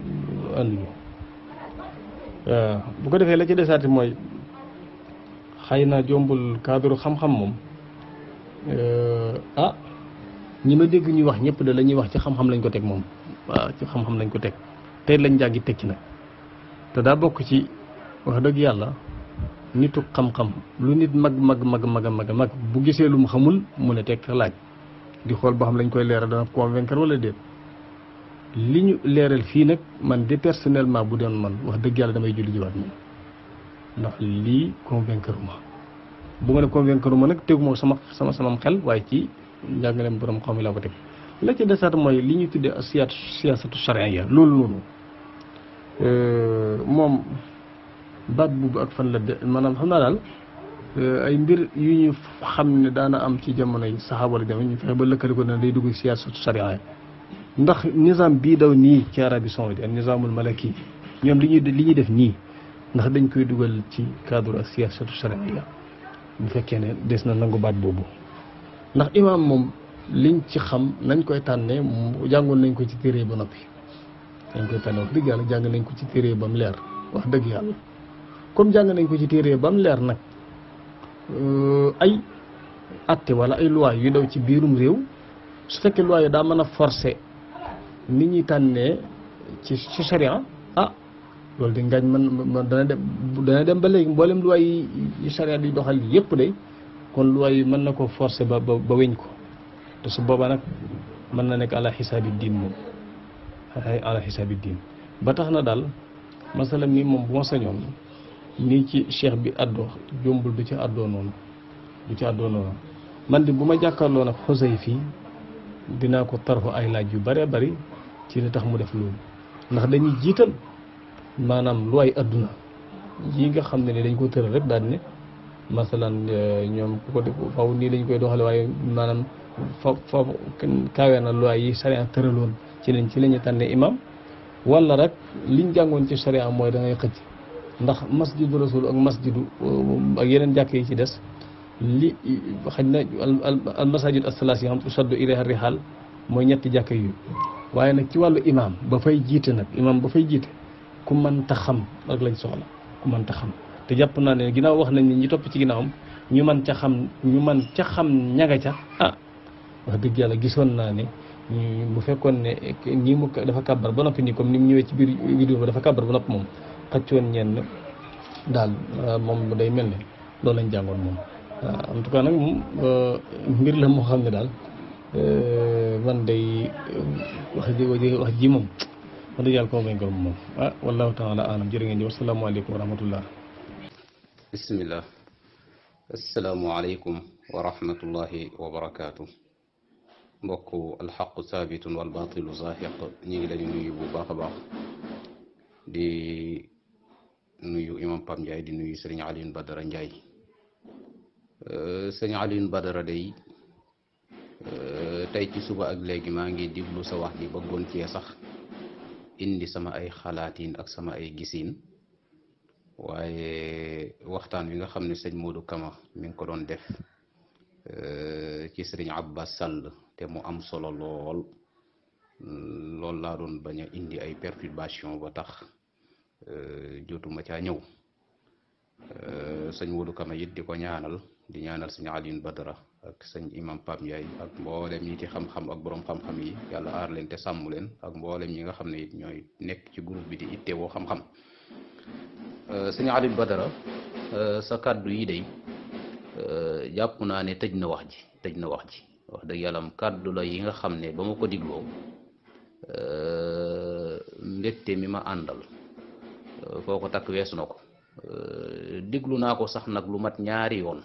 anduñu waaw bu ko defee la ci desaati mooy xëy naa jombul cadre xam-xam moom euh, ah ñi ma dégg ñuy wax ñëpp de la ñuy wax ci xam-xam lañ ko teg moom waaw ci xam-xam lañ ko teg tey lañ jàggi teg ci nag te daa bokk ci wax dëgg yàlla nitu xam-xam lu nit mag mag mag mag mag bu gisee lu mu xamul mu ne tekk laaj di xool boo xam lañ koy leeral dana convaincre wala déet. li ñu leeral fii nag man de personnellement bu doon man wax dëgg yàlla damay julli jiwaat moom lii convaincre ma bu ma ne ma nag tegu ma sama sama sama xel waaye ci njàngaleem borom xam laa ko teg la ci desaat mooy li ñu tuddee siyaat siyaasatu charia loolu noonu euh, moom baat boobu ak fan la de maanaam xam naa daal euh, ay mbir yu ñu xam ne daana am ci jamono yi saxaaba la jamono ñu fexe ba lëkkale ko ne day dugg siyaasatu charia ndax nizam bi daw ni ci Arabie Saoudite ak nizamul malaki ñom li ñuy li ñuy def ni ndax dañ koy duggal ci cadre ak siyaasatu charia bu fekke ne des na nangu baat bobu ndax imam mom liñ ci xam nañ koy tanne jangul nañ ko ci téere ba nopi dañ koy tànne wax dëgg yàlla jàng nañ ko ci téere bam leer wax deug yàlla comme jàng nañ ko ci téere bam leer nak euh ay atte wala ay loi yu daw ci birum rew su fekke loi da mëna forcer nit ñi tànnee ci ci sharia ah loolu di ngañ man man dana dem dana dem ba léegi lu luwaay yi sharia di doxal yépp de kon luwaay yi mën na ko forcer ba ba weñ ko te su booba nag mën na nekk ala xisaabi diin moom ala xisaabi diin ba tax na daal masala mi moom bu ma sañoon nii ci cheikh bi àddoo jombul du ci àddoo noonu du ci àddoo noonu man di bu ma jàkkaarloo nag xosey fii dinaa ko tarfu ay laaj yu bare bari ci li tax mu def loolu ndax dañuy jiital maanaam lu ay adduna yi nga xam ne ni dañ ko tëral rek daal ne masalan euh, ñoom ku ko def faw nii lañ koy doxale waaye maanaam fa fa kaawee na loi yi charia tëraloon ci lañ ci la ñu tànnee imam wala rek liñ jàngoon ci charia mooy dangay xëcc ndax masjidu rasul ak masjidu euh, ak yeneen jàkk yi ci des li xaj na al masajid as-salaas yi xam usaddu ilayha rihaal mooy ñetti jàkk yu waaye nag ci wàllu imaam ba fay jiite nag imaam ba fay jiite ku mënta xam rek lañ soxla ku mënta xam te jàpp naa ne ginnaaw wax nañ ni ñi topp ci ginnaawam ñu man ca xam ñu mën ca xam ñaga ca ah wax dëgg yàlla gisoon naa ne bu fekkoon ne nii mu dafa kàbbar ba noppi nii comme ni mu ñëwee ci biir vidéo ba dafa kàbbar ba noppi moom xëccoon ñenn daal ah, moom day mel ne loolu lañ jàngoon moom. Ah, ah, mbir la moo xam ne daal. Eh, من دي وحدي ودي وحدي مم هذا جالكم من قوم مم والله تعالى أعلم جرين جو السلام عليكم ورحمة الله بسم الله السلام عليكم ورحمة الله وبركاته بكو الحق ثابت والباطل زاهق نيجي لنيجي بباخ باخ دي نيو إمام بام جاي دي نيو سرين علي بدر جاي سرين علي بدر دي Euh, tey ci suba ak léegi maa ngi diglu sa wax ji bëggoon cee sax indi sama ay xalaatin ak sama ay gisiin waaye waxtaan wi nga xam ne sëñ Modou Kama mi ngi ko doon def euh, ci sëriñ Abbas Sall te mu am solo lool loolu laa doon bañ indi ay perturbation ba tax euh, jotuma caa ñëw sëñ Modou Kama it di ko ñaanal di ñaanal sëñ Alioune Badara ak sëñ imam Pam Ndiaye ak mboolem ñi ci xam-xam ak borom xam-xam yi yàlla aar leen te sàmm leen ak mboolem ñi nga xam ne it ñooy nekk ci groupe bi di ittewoo xam-xam euh, sëñ Alioune Badara euh, sa kàddu yi day euh, jàpp naa ne tëj na wax ji tëj na wax ji wax dëgg yàlla kàddu la yi nga xam ne ba ma ko digloo mbégte mi ma àndal foo ko takk weesu na ko diglu naa ko sax nag lu mat ñaari yoon.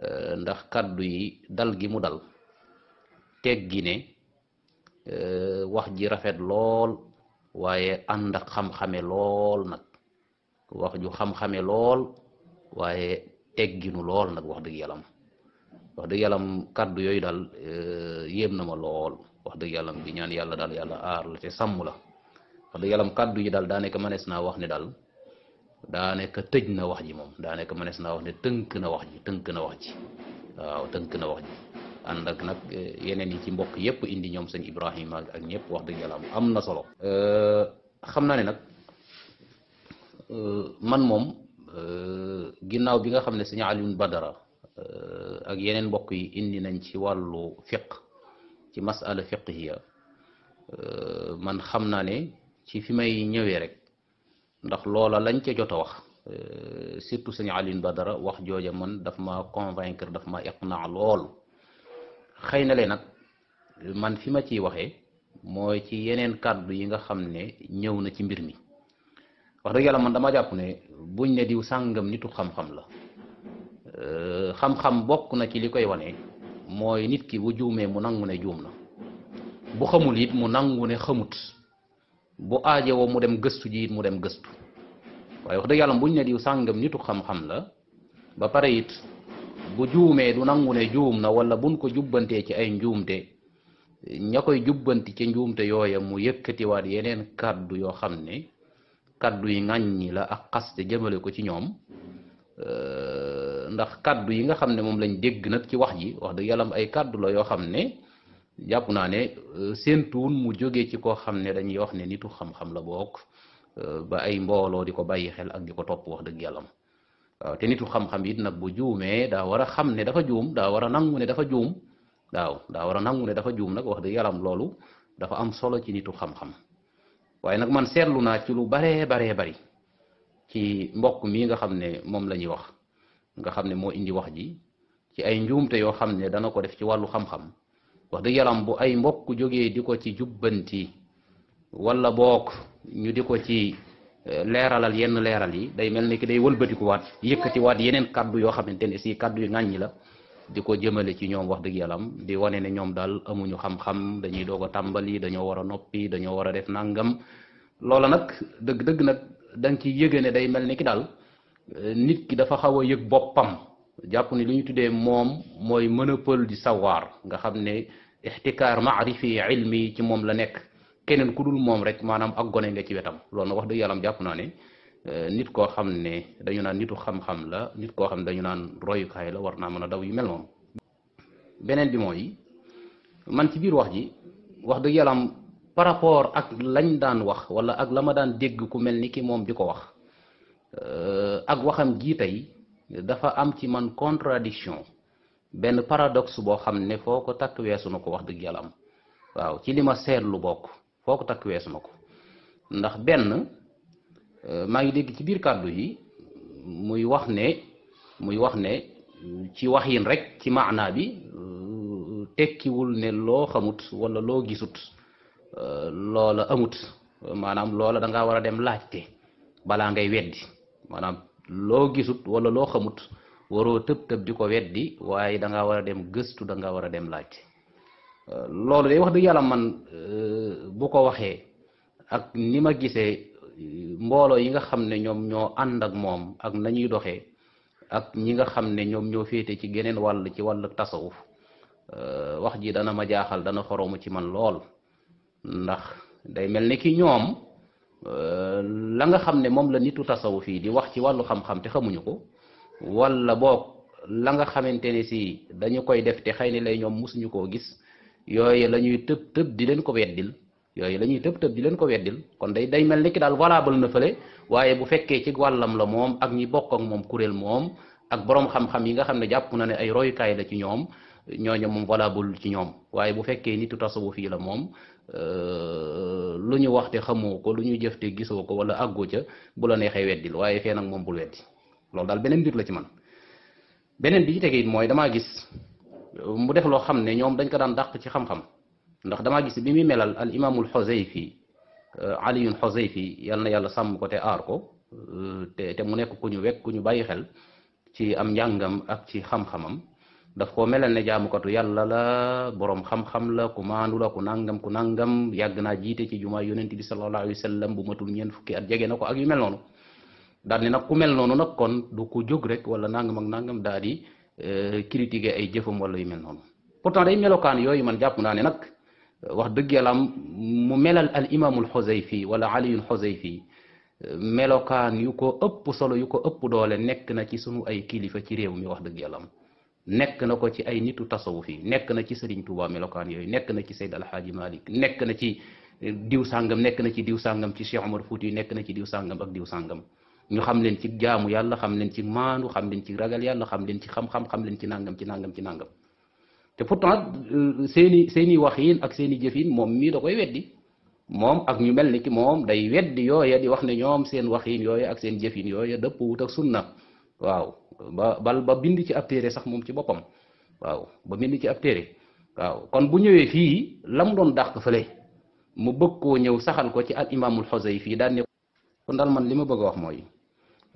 Euh, ndax kàddu yi dal gi mu dal teg gi ne euh, wax ji rafet lool waaye ànd ak xam-xame lool nag wax ju xam-xame lool waaye tegginu lool nag wax dëgg yàllam wax dëgg yàllam kàddu yooyu daal euh, yéem na ma lool wax dëgg yàllam bi ñaan yàlla daal yàlla aar la te sàmm la wax dëgg yàllam kàddu yi daal daanaka manees naa wax ne daal daanaka tëj na wax ji moom daanaka mënees naa wax ne tënk na wax ji tënk na wax ji waaw tënk na wax ji ànd ak nag eh, yeneen yi ci mbokk yëpp indi ñoom sëñ Ibrahima ak ñëpp wax dëgg yàlla am na solo. Eh, xam naa ne nag eh, man moom ginnaaw bi nga xam ne sëñ Alioune Badara ak yeneen mbokk yi indi nañ ci wàllu fiq ci masala fiqhiya man xam naa ne ci fi may ñëwee rek. ndax loola lañ ca jot a wax euh, surtout sëñ ba dara wax jooja man daf ma convaincre daf ma iqnaa lool xëy na lee nag man fi ma ci waxee mooy ci yeneen kàddu yi nga xam ne ñëw na ci mbir mi wax dëgg yàlla man dama jàpp ne buñ ne diw sàngam nitu xam-xam la euh, xam-xam bokk na ci li koy wane mooy nit ki bu juumee mu nangu ne juum na bu xamul it mu nangu ne xamut bu aajowoo mu dem gëstu ji mu dem gëstu waaye wax dëgg yàlla buñ ne diw sàngam nitu xam-xam la ba pare it bu juumee du nangu ne juum na wala buñ ko jubbantee ci ay njuumte ña koy jubbanti ci njuumte yooya mu yëkkatiwaat yeneen kàddu yoo xam ne kàddu yi ŋàññi la ak xaste ko ci ñoom ndax kàddu yi nga xam ne moom lañ dégg nag ci wax ji wax dëgg yàlla ay kàddu la yoo xam ne jàpp naa ne euh, séentuwun mu jógee ci koo xam ne dañuy wax ne nitu xam-xam la bokk euh, ba ay mbooloo di ko bàyyi xel ak di ko topp wax dëgg yàllam waaw te nitu xam-xam it nag bu juumee daa war a xam ne dafa juum daa war a nangu ne dafa juum waaw daa war a nangu ne dafa juum nag wax dëgg yàllam loolu dafa am solo ci nitu xam-xam waaye nag man seetlu naa ci lu baree baree bari ci mbokk mii nga xam ne moom la ñuy wax nga xam ne moo indi wax ji ci ay njuumte yoo xam ne dana ko def ci wàllu xam-xam wax dëgg yaram bu ay mbokk jógee di ko ci jubbanti walla book ñu di ko ci euh, leeralal yenn leeral yi day mel ni ki day wëlbatiku yëkkatiwaat yeneen kàddu yoo xamante ne si kàddu yu ŋàññi la di ko jëmale ci ñoom wax dëgg yalam di wane ne ñoom daal amuñu xam-xam dañuy doog a tàmbali dañoo war a noppi dañoo war a def nangam loola nag dëgg-dëgg nag da nga ciy yëge ne day mel ni ki daal euh, nit ki dafa xaw a yëg boppam jàpp ni li ñu tuddee moom mooy mën monopole du savoir nga xam ne ixtikaar maarifi ilmi ci moom la nekk keneen ku dul moom rek maanaam ak gone nga ci wetam loolu na wax dëgg yàlla jàpp naa ne euh, nit koo xam ne dañu naan nitu xam-xam la nit koo xam ne dañu naan royukaay la war naa mën a daw yu mel noonu beneen bi mooy man ci biir wax ji wax dëgg yàlla par rapport ak lañ daan wax wala ak la ma daan dégg ku mel ni ki moom di ko wax euh, ak waxam jii tey dafa am ci man contradiction benn paradoxe boo xam ne foo ko takk weesu na ko wax dëgg yàlla am waaw ci li ma seet lu bokk foo ko takk weesu na ko ndax benn euh, maa ngi dégg ci biir kàddu yi muy wax ne muy wax ne ci wax yin rek ci maanaa bi euh, tekkiwul ne loo xamut wala loo gisut euh, loola amut maanaam loola da ngaa war a dem laajte balaa ngay weddi maanaam loo gisut wala loo xamut waroo tëb tëb di ko weddi waaye da ngaa war a dem gëstu da ngaa war a dem laaj euh, loolu day wax dëgg yàlla man euh, bu ko waxee ak ni ma gisee mbooloo yi nga xam ne ñoom ñoo ànd ak moom ak nañuy doxee ak ñi nga xam ne ñoom ñoo féete ci geneen wàll ci wàll tasawuf euh, wax ji dana ma jaaxal dana xoromu ci man lool ndax day mel ni ki ñoom la nga xam ne moom la nitu tasawuf fii di wax ci wàllu xam-xam te xamuñu ko wala boog la nga xamante ne si dañu koy def te xëy na lay ñoom mosuñu koo gis yooyu la ñuy tëb tëb di leen ko weddil yooyu lañuy ñuy tëb tëb di leen ko weddil kon day day mel ni ki daal valable na fële waaye bu fekkee ci wàllam la moom ak ñi bokkak moom kuréel moom ak boroom xam-xam yi nga xam ne jàpp na ne ay royukaay la ci ñoom ñooñu moom valable ci ñoom waaye bu fekkee nitu tasawuf fii la moom euh, lu ñu wax te xamoo ko lu ñuy jëf te gisoo ko wala àggoo ca bu la neexee weddil waaye fee nag moom bul weddi loolu daal beneen mbir la ci man beneen bi ci tege mooy damaa gis mu def loo xam ne ñoom dañ ko daan dàq ci xam-xam ndax dama gis bi muy melal al imaamul xoseyfi euh, aliyun xoseyfi yal na yàlla sàmm ko te euh, te te mu nekk ku ñu wekk ku ñu bàyyi xel ci am njàngam ak ci xam-xamam daf koo melal ne jaamukatu yàlla la borom xam-xam la ku maandu la ku nangam ku nangam yàgg naa jiite ci jumaa yonent bi sallallahu alayhi wa sallam bu matul ñeent fukki at jege na ko ak yu mel noonu daal nag ku mel noonu nag kon du ko jóg rek wala nangam ak nangam daal di eh, critiquer ay jëfam wala yu mel noonu pourtant day melokaan yooyu man jàpp naa ne nag eh, wax dëgg yàlla mu melal al imaamul fii wala aliyul fii eh, melokaan yu ko ëpp solo yu ko ëpp doole nekk na ci sunu ay kilifa ci réew mi wax dëgg yàlla nekk na ko ci ay nitu tasawuf fii nekk na ci Serigne Touba melokaan yooyu nekk na ci Seyd Alxaaji Malik nekk na ci diw sàngam nekk na ci diw sàngam ci Cheikh Omar Fouti nekk na ci diw sàngam ak sàngam ñu xam leen ci jaamu yàlla xam leen ci maandu xam leen ci ragal yàlla xam leen ci xam-xam xam leen ci nangam ci nangam ci nangam te pourtant euh, seeni seeni waxiin ak seeni jëfin moom mii da koy weddi moom ak ñu mel ni ki moom day weddi yooya di wax ne ñoom seen waxiin yooya ak seen jëfin yooya dëpp wut ak sunna waaw ba bal ba bind ci ab téere sax moom ci boppam waaw ba bind ci ab téere waaw kon bu ñëwee fii la mu doon dàq fële mu bëgg koo ñëw saxal ko ci al kon dal man lima bëgg wax moy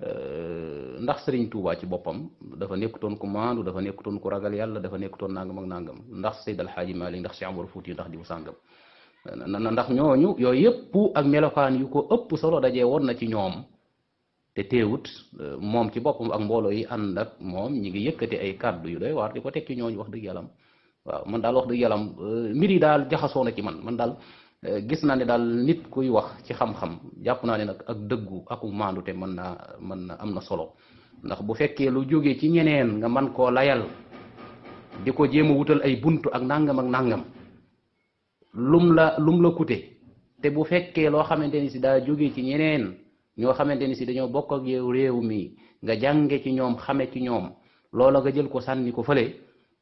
euh ndax Serigne Touba ci bopam dafa nekkutoon ku maandu dafa nekkutoon ku ragal yalla dafa nekkutoon nangam ak nangam ndax al Alxaaji malik ndax Cheikh Amar fouti ndax di sàngam na ndax ñooñu yooyu yëpp ak melokaan yu ko ëpp solo dajé won na ci ñoom té téwut euh, mom ci bopam ak mbolo yi ànd ak moom ñi ngi yëkëti ay cadeau yu doy war diko tek ci ñooñu wax deug yàllam waaw man dal wax deug yàllam euh, mbir dal jaxaso na ci man man dal Euh, gis naa ne daal nit kuy wax ci xam-xam jàpp naa ne nag ak dëggu aku maandu te mën naa mën na am na solo ndax bu fekkee lu jógee ci ñeneen nga man koo layal di ko jéem a wutal ay bunt ak nangam ak nangam lum la lum la kute te bu fekkee loo xamante ni si daa jógee ci ñeneen ñoo xamante ni si dañoo bokk ak yow réew mi nga jànge ci ñoom xame ci ñoom loola nga jël ko sànni ko fële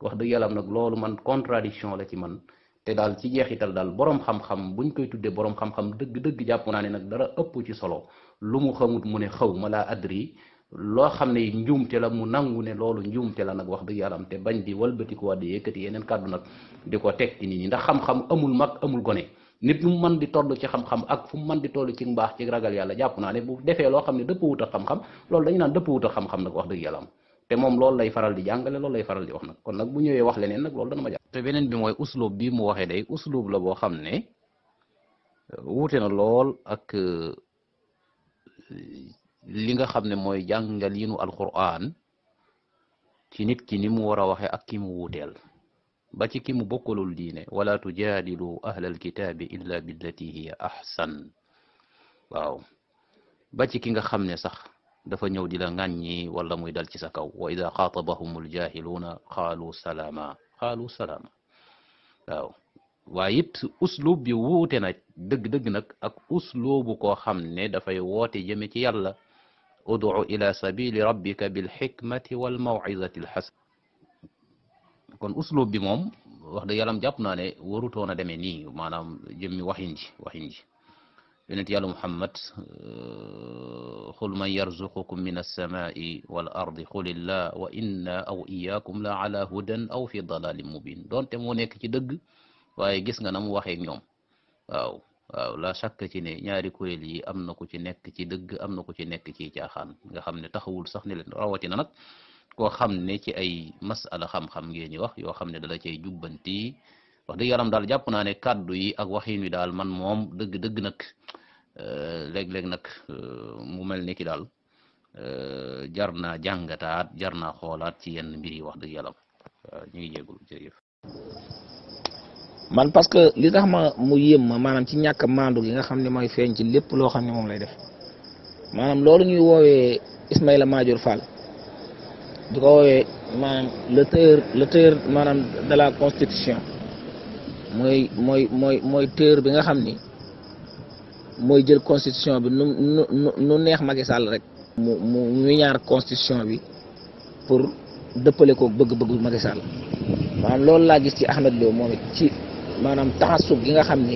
wax dëgg yàlla nag loolu man contradiction la ci man te daal ci jeex jeexital daal borom xam-xam buñ koy tuddee borom xam-xam dëgg-dëgg jàpp naa ne nag dara ëpp ci solo lu mu xamut mu ne xaw ma laa adri loo xam ne njuumte la mu nangu ne loolu njuumte la nag wax dëgg yàlla am te bañ di walbatikuwaat di yëkkati yeneen kàddu nag di ko teg ci nit ñi ndax xam-xam amul mag amul gone nit mu mën di toll ci xam-xam ak fu mu mën di toll ci mbaax ci ragal yàlla jàpp naa ne bu defee loo xam ne dëppwut a xam-xam loolu dañu naan dëppwut a xam-xam nag wax dëgg yàlla té mom lool lay faral di jàngale lool lay faral di wax nak kon nak bu ñëwé wax lénen nak lool dana ma jàng té benen bi moy uslub bi mu waxé day uslub la bo xamné wuté na lool ak li nga xamné moy mooy jàngal yinu alquran ci nit ki ni mu wara waxé ak ki mu wutél ba ci ki mu bokkolul diiné wala tujaadilu ahla alkitaabi illa billati hiya ahsan waaw ba ci ki nga xamné sax dafa ñëw di la ŋàññi wala muy dal ci sa kaw wa ida xaatabahum aljahiluuna qaalu salaama qaalu salaama waaw waaye it uslub bi wuute na dëgg-dëgg nag ak uslubu koo xam ne dafay woote jëme ci yàlla udu ila sabili rabbika bilxikmati walmawizati alxasana kon uslub bi moom wax dëgg yàllam jàpp naa ne warutoon a demee nii maanaam jëmmi wax ji waxin ji yonent yàlla muhammad xul euh, man yarzuqukum min alsamai wal ardi xulillah wa inna aw iyakum la ala hudan aw fi dalalin mubin donte moo nekk ci dëgg waaye gis nga na mu waxee ñoom la shakk ci ne ñaari kuréel yi am na ku ci nekk ci dëgg am na ku ci nekk ci caaxaan nga xam ne taxawul sax ne leen rawatina nag koo xam ne ci ay masala xam-xam ngeen ñi wax yoo xam ne dala cay jubbanti wax dëgg yaram daal jàpp naa ne kàddu yi ak waxin wi daal man moom dëgg dëgg nag Euh, léeg-léeg nag euh, mu mel ni ki daal euh, jar naa jàngataat jar naa xoolaat ci yenn mbir wax dëgg yàlla ñu ngi man parce que li tax ma mu yéem ma maanaam ci ñàkk maandu gi nga xam ne mooy feeñ ci lépp loo xam ne moom lay def maanaam loolu ñuy woowee Ismaïla Madior Fall di ko woowee maanaam le terre le terre maanaam de la constitution mooy mooy mooy mooy bi nga xam ni mooy jël constitution bi nu nu nu neex Macky Sall rek mu mu ñu ñaar constitution bi pour dëppale ko bëgg-bëgg Macky Sall maanaam loolu laa gis ci Ahmed Lo moom ci maanaam taxasub gi nga xam ni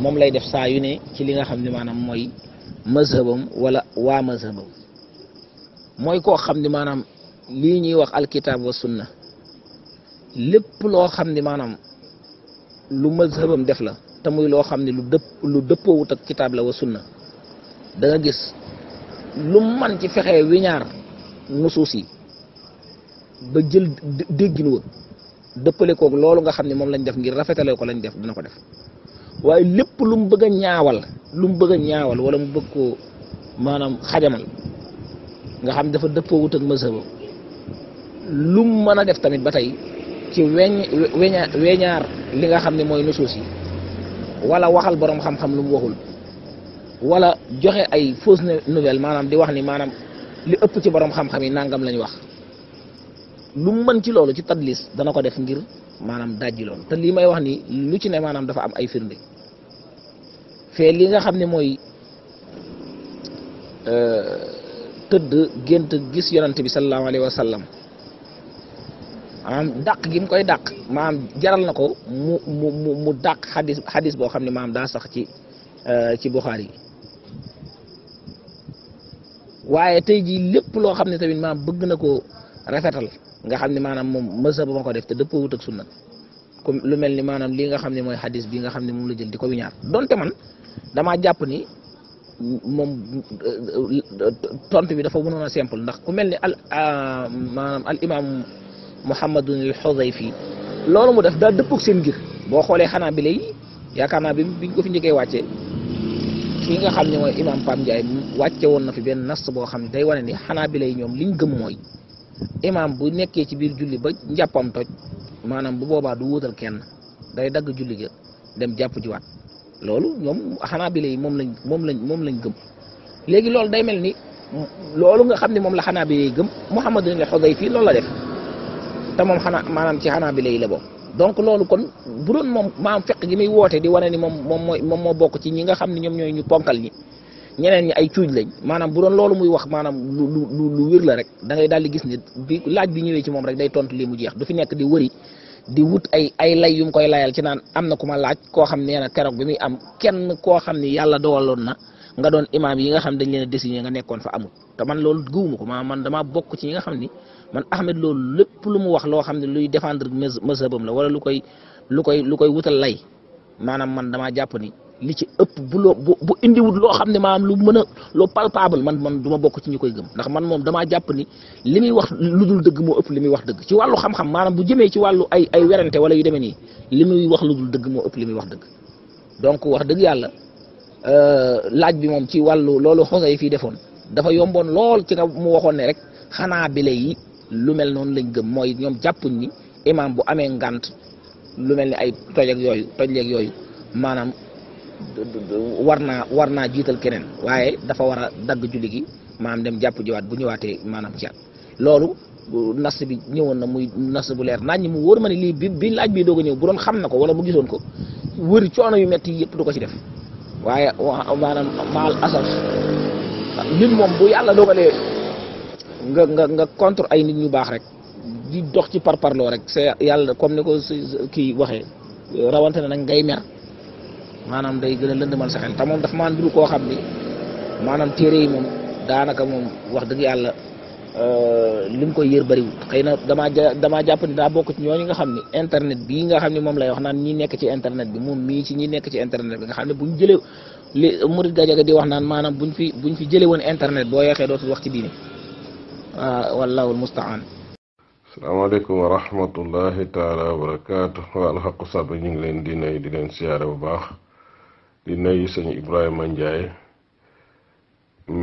moom lay def saa yu ne ci li nga xam ni maanaam mooy mazhabam wala waa mazhabam mooy koo xam ni maanaam lii ñuy wax alkitab wa sunna lépp loo xam ni maanaam lu mazhabam def la te muy loo xam ne lu dëpp lu dëppoowut ak kitaab la wa sunna da gis lu man ci fexee wiñaar nusuus yi ba jël déggin wa dëppale koog loolu nga xam ne moom lañ def ngir rafetalee ko lañ def dina ko def waaye lépp lu mu bëgg ñaawal lu mu bëgg a ñaawal wala mu bëgg koo maanaam xajamal nga xam dafa dëppoowut ak mazhabam lu mu mën a def tamit ba tey ci weñ weña weñar li nga xamni moy nusus yi wala waxal borom xam-xam lu waxul wala joxe ay fausse nouvelle manam di wax ni manam li ëpp ci borom xam-xam yi nangam lañ wax lu mu mën ci loolu ci tadlis dana ko def ngir manam dajji loolu te li may wax ni lu ci ne manam dafa am ay firnde fe li nga xamni moy euh teud gënt gis yaronte bi sallallahu alaihi wasallam maanaam dàq gi mu koy dàq maanaam jaral na ko mu mu mu mu dàq xadis boo xam ne maanaam daa sax ci euh, ci Buxaari yi waaye tey jii lépp loo xam ne tamit maanaam bëgg na koo rafetal nga xam ne maanaam moom mësa ba ma ko def te dëppoo wut ak sunna comme mel ni maanaam lii nga xam ne mooy xadis bi nga xam ne moom la jël di ko wiñaar donte man damaa jàpp ni moom euh, tontu bi dafa mënoon a simple ndax ku mel ni al euh, al imam Muhammadun al-Hudayfi loolu mu def daa dëppoog seen ngir boo xoolee xanaa bi lay yaakaar naa bi biñ ko fi njëkkee wàccee ki nga xam ne mooy imaam Pam Ndiaye wàcce woon na fi benn nast boo xam ne day wane ni xanaa bi lay ñoom liñ gëm mooy imaam bu nekkee ci biir julli ba njàppam toj maanaam bu boobaa du wóotal kenn day dagg julli ga dem jàpp jiwaat loolu ñoom xanaa bi lay moom lañ moom lañ moom lañ gëm léegi loolu day mel ni loolu nga xam ne moom la xanaa bi lay gëm Muhammadun al-Hudayfi loolu la def. te moom xanaa maanaam ci xanaa bi lay la bokk donc loolu kon bu doon moom maam fekk gi muy wootee di wane ni moom moom mooy moom moo bokk ci ñi nga xam ne ñoom ñooy ñu ponkal ñi ñeneen ñi ay cuuj lañ maanaam bu doon loolu muy wax maanaam lu lu lu wér rek da daal di gis ne bi laaj bi ñëwee ci moom rek tontu lii mu jeex du fi nekk di wëri di wut ay lay yu mu koy layal ci naan am na ku ma laaj koo xam nee na keroog bi muy am kenn koo xam ni yàlla dowaloon na nga doon imaam yi nga xam dañ leen a nga nekkoon fa amul man loolu gëwuma ko maanaam man damaa bokk ci ñi nga xam ni man Ahmed loolu lépp lu mu wax loo xam ne luy défendre mazhabam la wala lu koy lu koy lu koy wutal lay maanaam man damaa jàpp ni li ci ëpp bu loo bu bu indiwut loo xam ne maanaam lu mën a loo palpable man man du bokk ci ñu koy gëm ndax man moom damaa jàpp ni li muy wax lu dul dëgg moo ëpp li muy wax dëgg ci wàllu xam maanaam bu jëmee ci wàllu ay ay wala yu demee nii li muy wax lu dul dëgg moo ëpp li muy wax dëgg donc wax dëgg yàlla euh, laaj bi moom ci wàllu loolu xosay fii defoon dafa yomboon lool ci nga mu waxoon ne rek xanaa bile yi lu mel noonu lañ gëm mooy ñoom jàpp ni imaam bu amee ngant lu mel ni ay toj yooyu toj leeg yooyu maanaam war naa war naa jiital keneen waaye dafa war a dagg julli gi maanaam dem jàpp jiwaat bu ñëwaatee maanaam ci at loolu nas bi ñëwoon na muy nas bu leer naaj ñi mu wóor ma ne lii bi bi laaj bi doog ñëw bu doon xam na ko wala mu gisoon ko wëri coono yu metti yëpp du ko ci def waaye maanaam maal asaf nit moom bu yàlla doogalee nga nga nga contre ay nit ñu bax rek di dox ci par parlo rek c'est yalla comme niko ko waxe rawante na ngay mer manam day gëna a lëndëmal sa xel te moom dafa maan biru ko xamni manam téré yi mom daanaka mom wax dëgg euh lim koy yër bari wu xeyna dama dama japp ni da ci ñoo nga xamni internet bi nga xamni mom lay wax naan ñi nekk ci internet bi mom mi ci ñi nekk ci internet bi nga xamni buñu jëlé mourid li murid di wax naan manam buñ fi buñ fi jëlé won internet boo yeexee dootul wax ci wallaahul mustaan salaamaaleykum wa wa barakaatu waa alxaqu sàpp ñu ngi leen di nuyu di leen siyaare bu baax di nuyu Ibrahima Ndiaye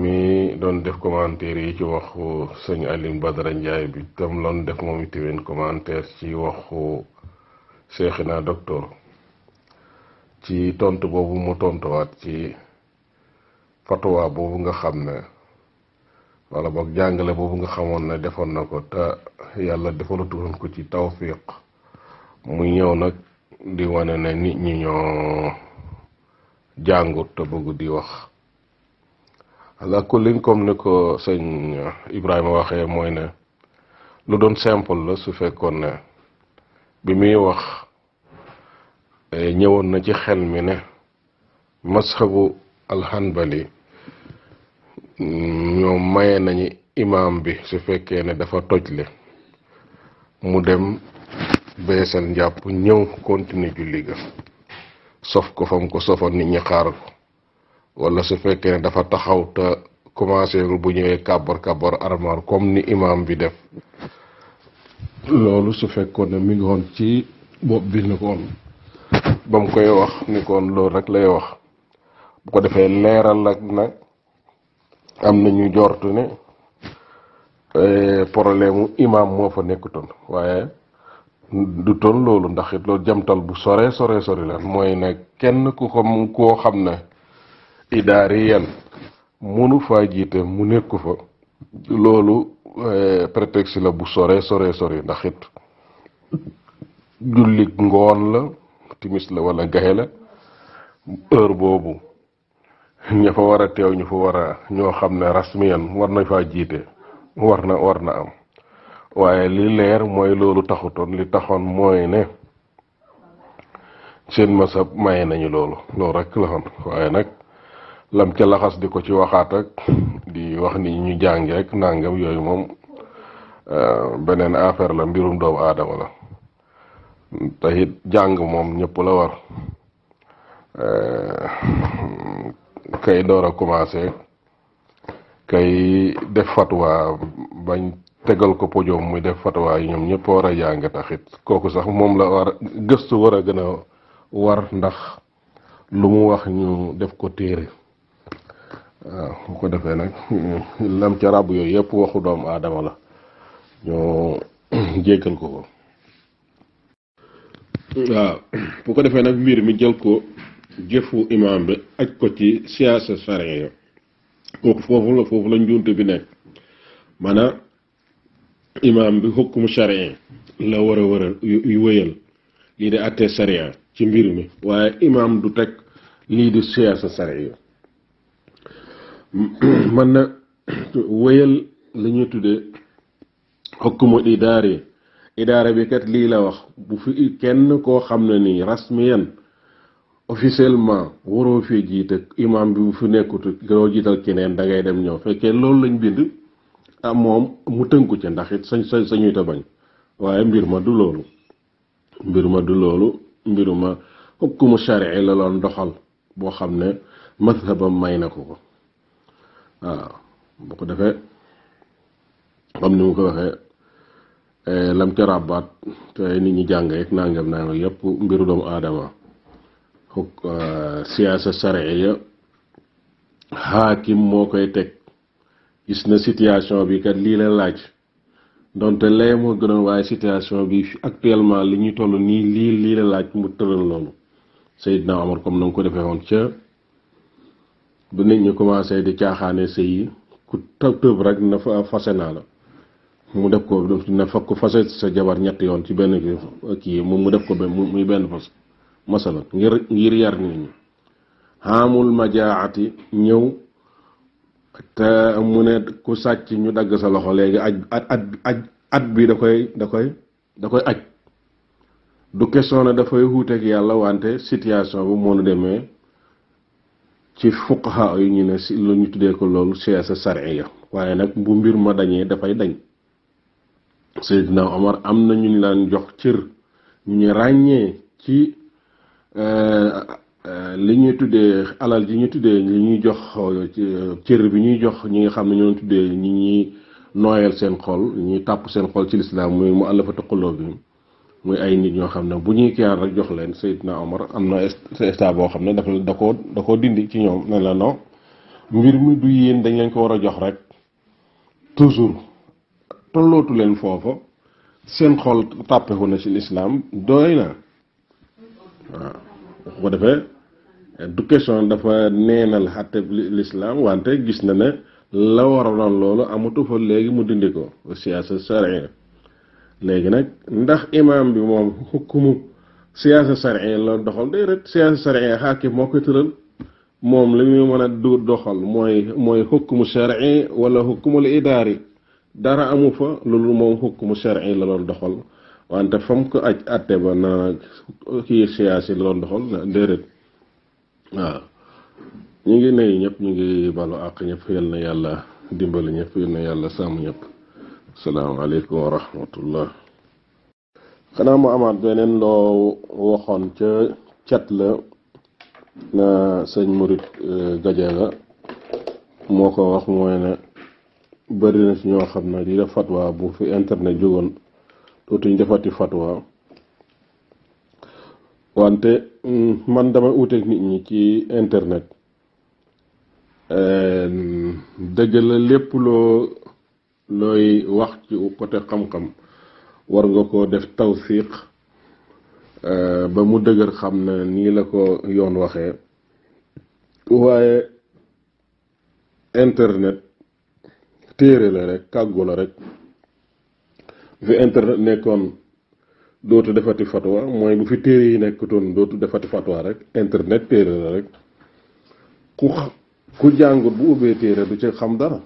mi doon def commentaire yi ci waxu sëñ Alioune Badara Ndiaye bi tam loon def moom itamit commentaire ci waxu Seexina Docteur ci tontu boobu mu tontuwaat ci fatwa boobu nga xam ne wala boog jàngale boobu nga xamoon na defoon na ko te yàlla defalatuloon ko ci tawfiq mu ñëw nag di wane na nit ñi ñoo jàngut te bëgg di wax ala kullin comme ni ko sëñ Ibrahima waxee mooy ne lu doon simple la su fekkoon ne bi muy wax e, ñëwoon na ci xel mi ne mashabu alxanbali mm, ñoom maye nañu imam bi su fekkee ne dafa tojle mu dem beesal njàpp ñëw continuer julli ga sof ko fam ko sofoon nit ñi xaar ko wala su fekkee ne dafa taxaw te commencé bu ñëwee kàbbar kàbbar armaar comme ni imam bi def loolu su fekkoon ne mi ngi woon ci bopp bi ni koon koy wax ni loolu rek lay wax bu ko defee leeral ak na am nañu jortu ne eh, problème mu imaam moo fa nekkutoon waaye du toon loolu ndax loolu jamtal bu sore sore sore la mooy ne kenn ku xam koo xam ne idaari yan mënu faa jiite mu nekku fa loolu eh, prétexte la bu sore sore sore ndax ndaxit jullit ngoon la timis la walla gaxe la heure boobu *laughs* ña fa war a teew ñu fa war a ñoo xam ne rasmiyan war nañ faa jiite war na war na am waaye li leer mooy loolu taxutoon li taxoon mooy ne seen masab may nañu loolu loolu rek la xam waaye nag lam ca laxas di ko ci waxaat di wax ni ñu jàngi rek nangam yooyu moom euh, beneen affaire la mbirum doomu aadama la te jàng moom ñëpp la war euh, kay door a commencé kay def fatwa bañ tegal ko podium muy def fatwa ñoom ñëpp war a jàng taxit kooku sax moom la war gëstu war a gën a war ndax lu mu wax ñu def ko téere waaw ko defee nag lam ca ràbb yooyu yëpp waxu doomu aadama la ñoo *clears throat* jéggal ko waaw bu ko defee nag mbir mi jël ko jëfu imaam bi aj ko ci siyaasa charia ya kooku foofu la foofu la njuunte bi nekk maanaam imaam bi xukkumu charia la war a war lii de àttee charia ci mbir mi waaye imaam du teg lii di siyaasa charia *clears throat* mën na wëyal la ñuy tuddee xukkumu bi kat lii la wax bu fi kenn koo xam na nii rasmiyan officiellement waroo fee jiite imaam bi bu fi nekkut doo jiital keneen da ngay dem ñëw fekkee loolu lañ bind ah moom mu tënku ci ndax it sañ sañ sañuy ta bañ waaye mbir ma du loolu mbir ma du loolu mbiru ma hukkumu shari'i la doxal boo xam ne mazhabam may na ko ko waaw ko defee xam ni mu ko waxee eh, lam ca ràbbaat te nit ñi jàngee nangam nangam yépp mbiru doomu aadama Uh, siyaasa sariya xaakim moo koy teg gis na situation bi kat lii la laaj donte lee moo gënoon waaye situation bi actuellement li ñu toll nii lii lii la laaj mu tëral loolu Seydina Omar comme na nga ko defee woon ca bu nit ñu commencé di caaxaane sëy yi ku tëb tëb rek na fa fase naa la mu def ko na fa ko fase sa jabar ñetti yoon ci benn kii moom mu def ko muy benn fas masalan ngir ngir yar nit ñi xaamul majaati ñëw te mu ne ku sàcc ñu dagg sa loxo léegi aj aj at bi da koy da koy da koy aj du question ne dafay wuuteeg yàlla wante situation bi moo nu demee ci fuqaha yu ñu ne si lu ñu tuddee ko loolu siyaasa sariya waaye nag bu mbir ma dañee dafay dañ Seydina Omar am na ñu laan jox cër ñu ràññee ci Euh, euh, li ñuy tuddee alal ji ñuy tuddee li ñuy jox euh, cër bi ñuy jox ñi nga xam ne ñoo tuddee ñi ñuy nooyal seen xol ñuy tàpp seen xol ci lislaam muy mu àllafatu xulóob bi muy ay nit ñoo xam ne bu ñuy kiyaar rek jox leen Seydina Omar am na état boo xam ne dafa da koo da koo dindi ci ñoom ne la non mbir mi du yéen dañ leen ko war a jox rek toujours tollootu leen foofu seen xol tàppeeku na ci lislaam doy na waaw bu defee du question dafa neenal xàtteb lislam wante gis na ne la waroon loolu amatu fa léegi mu dindi ko siyaasa shar'iyya léegi nag ndax imaam bi moom xukumu siyaasa shar'iyya la doxal déedéet siyaasa shar'iyya xaakim moo koy tëral moom li muy mën a du doxal mooy mooy xukumu shar'i wala xukumul idaari dara amu fa loolu moom xukumu shar'i la doon doxal wante fam ko aj atte ba na kii siyaasi la doon doxal déedéet waaw ñu ngi nuyu ñëpp ñu ngi balu àq ñëpp yal na yàlla dimbali ñëpp yal na yàlla sàmm ñëpp salaamaaleykum wa rahmatullah xanaa mu amaat beneen loo waxoon ca cat la na sëñ murit euh, Gajaga moo ko wax mooy ne bëri na si ñoo xam ne di def fatwa bu fi internet jógoon dootuñ defati fatwa wante mm, man dama uuteeg nit ñi ci internet dëgg la lépp loo looy wax ci côté xam-xam war nga ko def taw tawsiq eh, ba mu dëgër xam na nii la ko yoon waxee waaye internet téere la rek kàggu la rek fi internet nekkoon dootu defati fatwa mooy bu fi téere yi nekkutoon dootu defati fatwa rek internet téere la rek ku ku jàngut bu ubbee téere du ci xam dara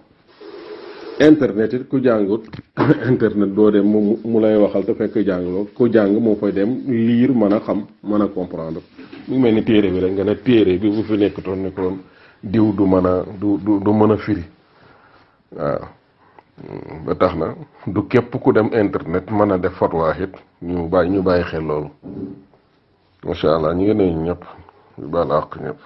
internet it ku jàngut *coughs* internet doo dem mu lay waxal te fekk jàngloo ku jàng moo fay dem liir mën a xam man a comprendre mu mel ni téere bi rek nga ne téere bi bu fi nekkutoon nekkoon diw du mën a du du du mën a firi waaw ba tax na du képp ku dem internet mën a def fatwa it ñu bàyyi ñu bàyyi xel loolu macha allah ñu ngi nuyu ñëpp ñu baal àq ñëpp.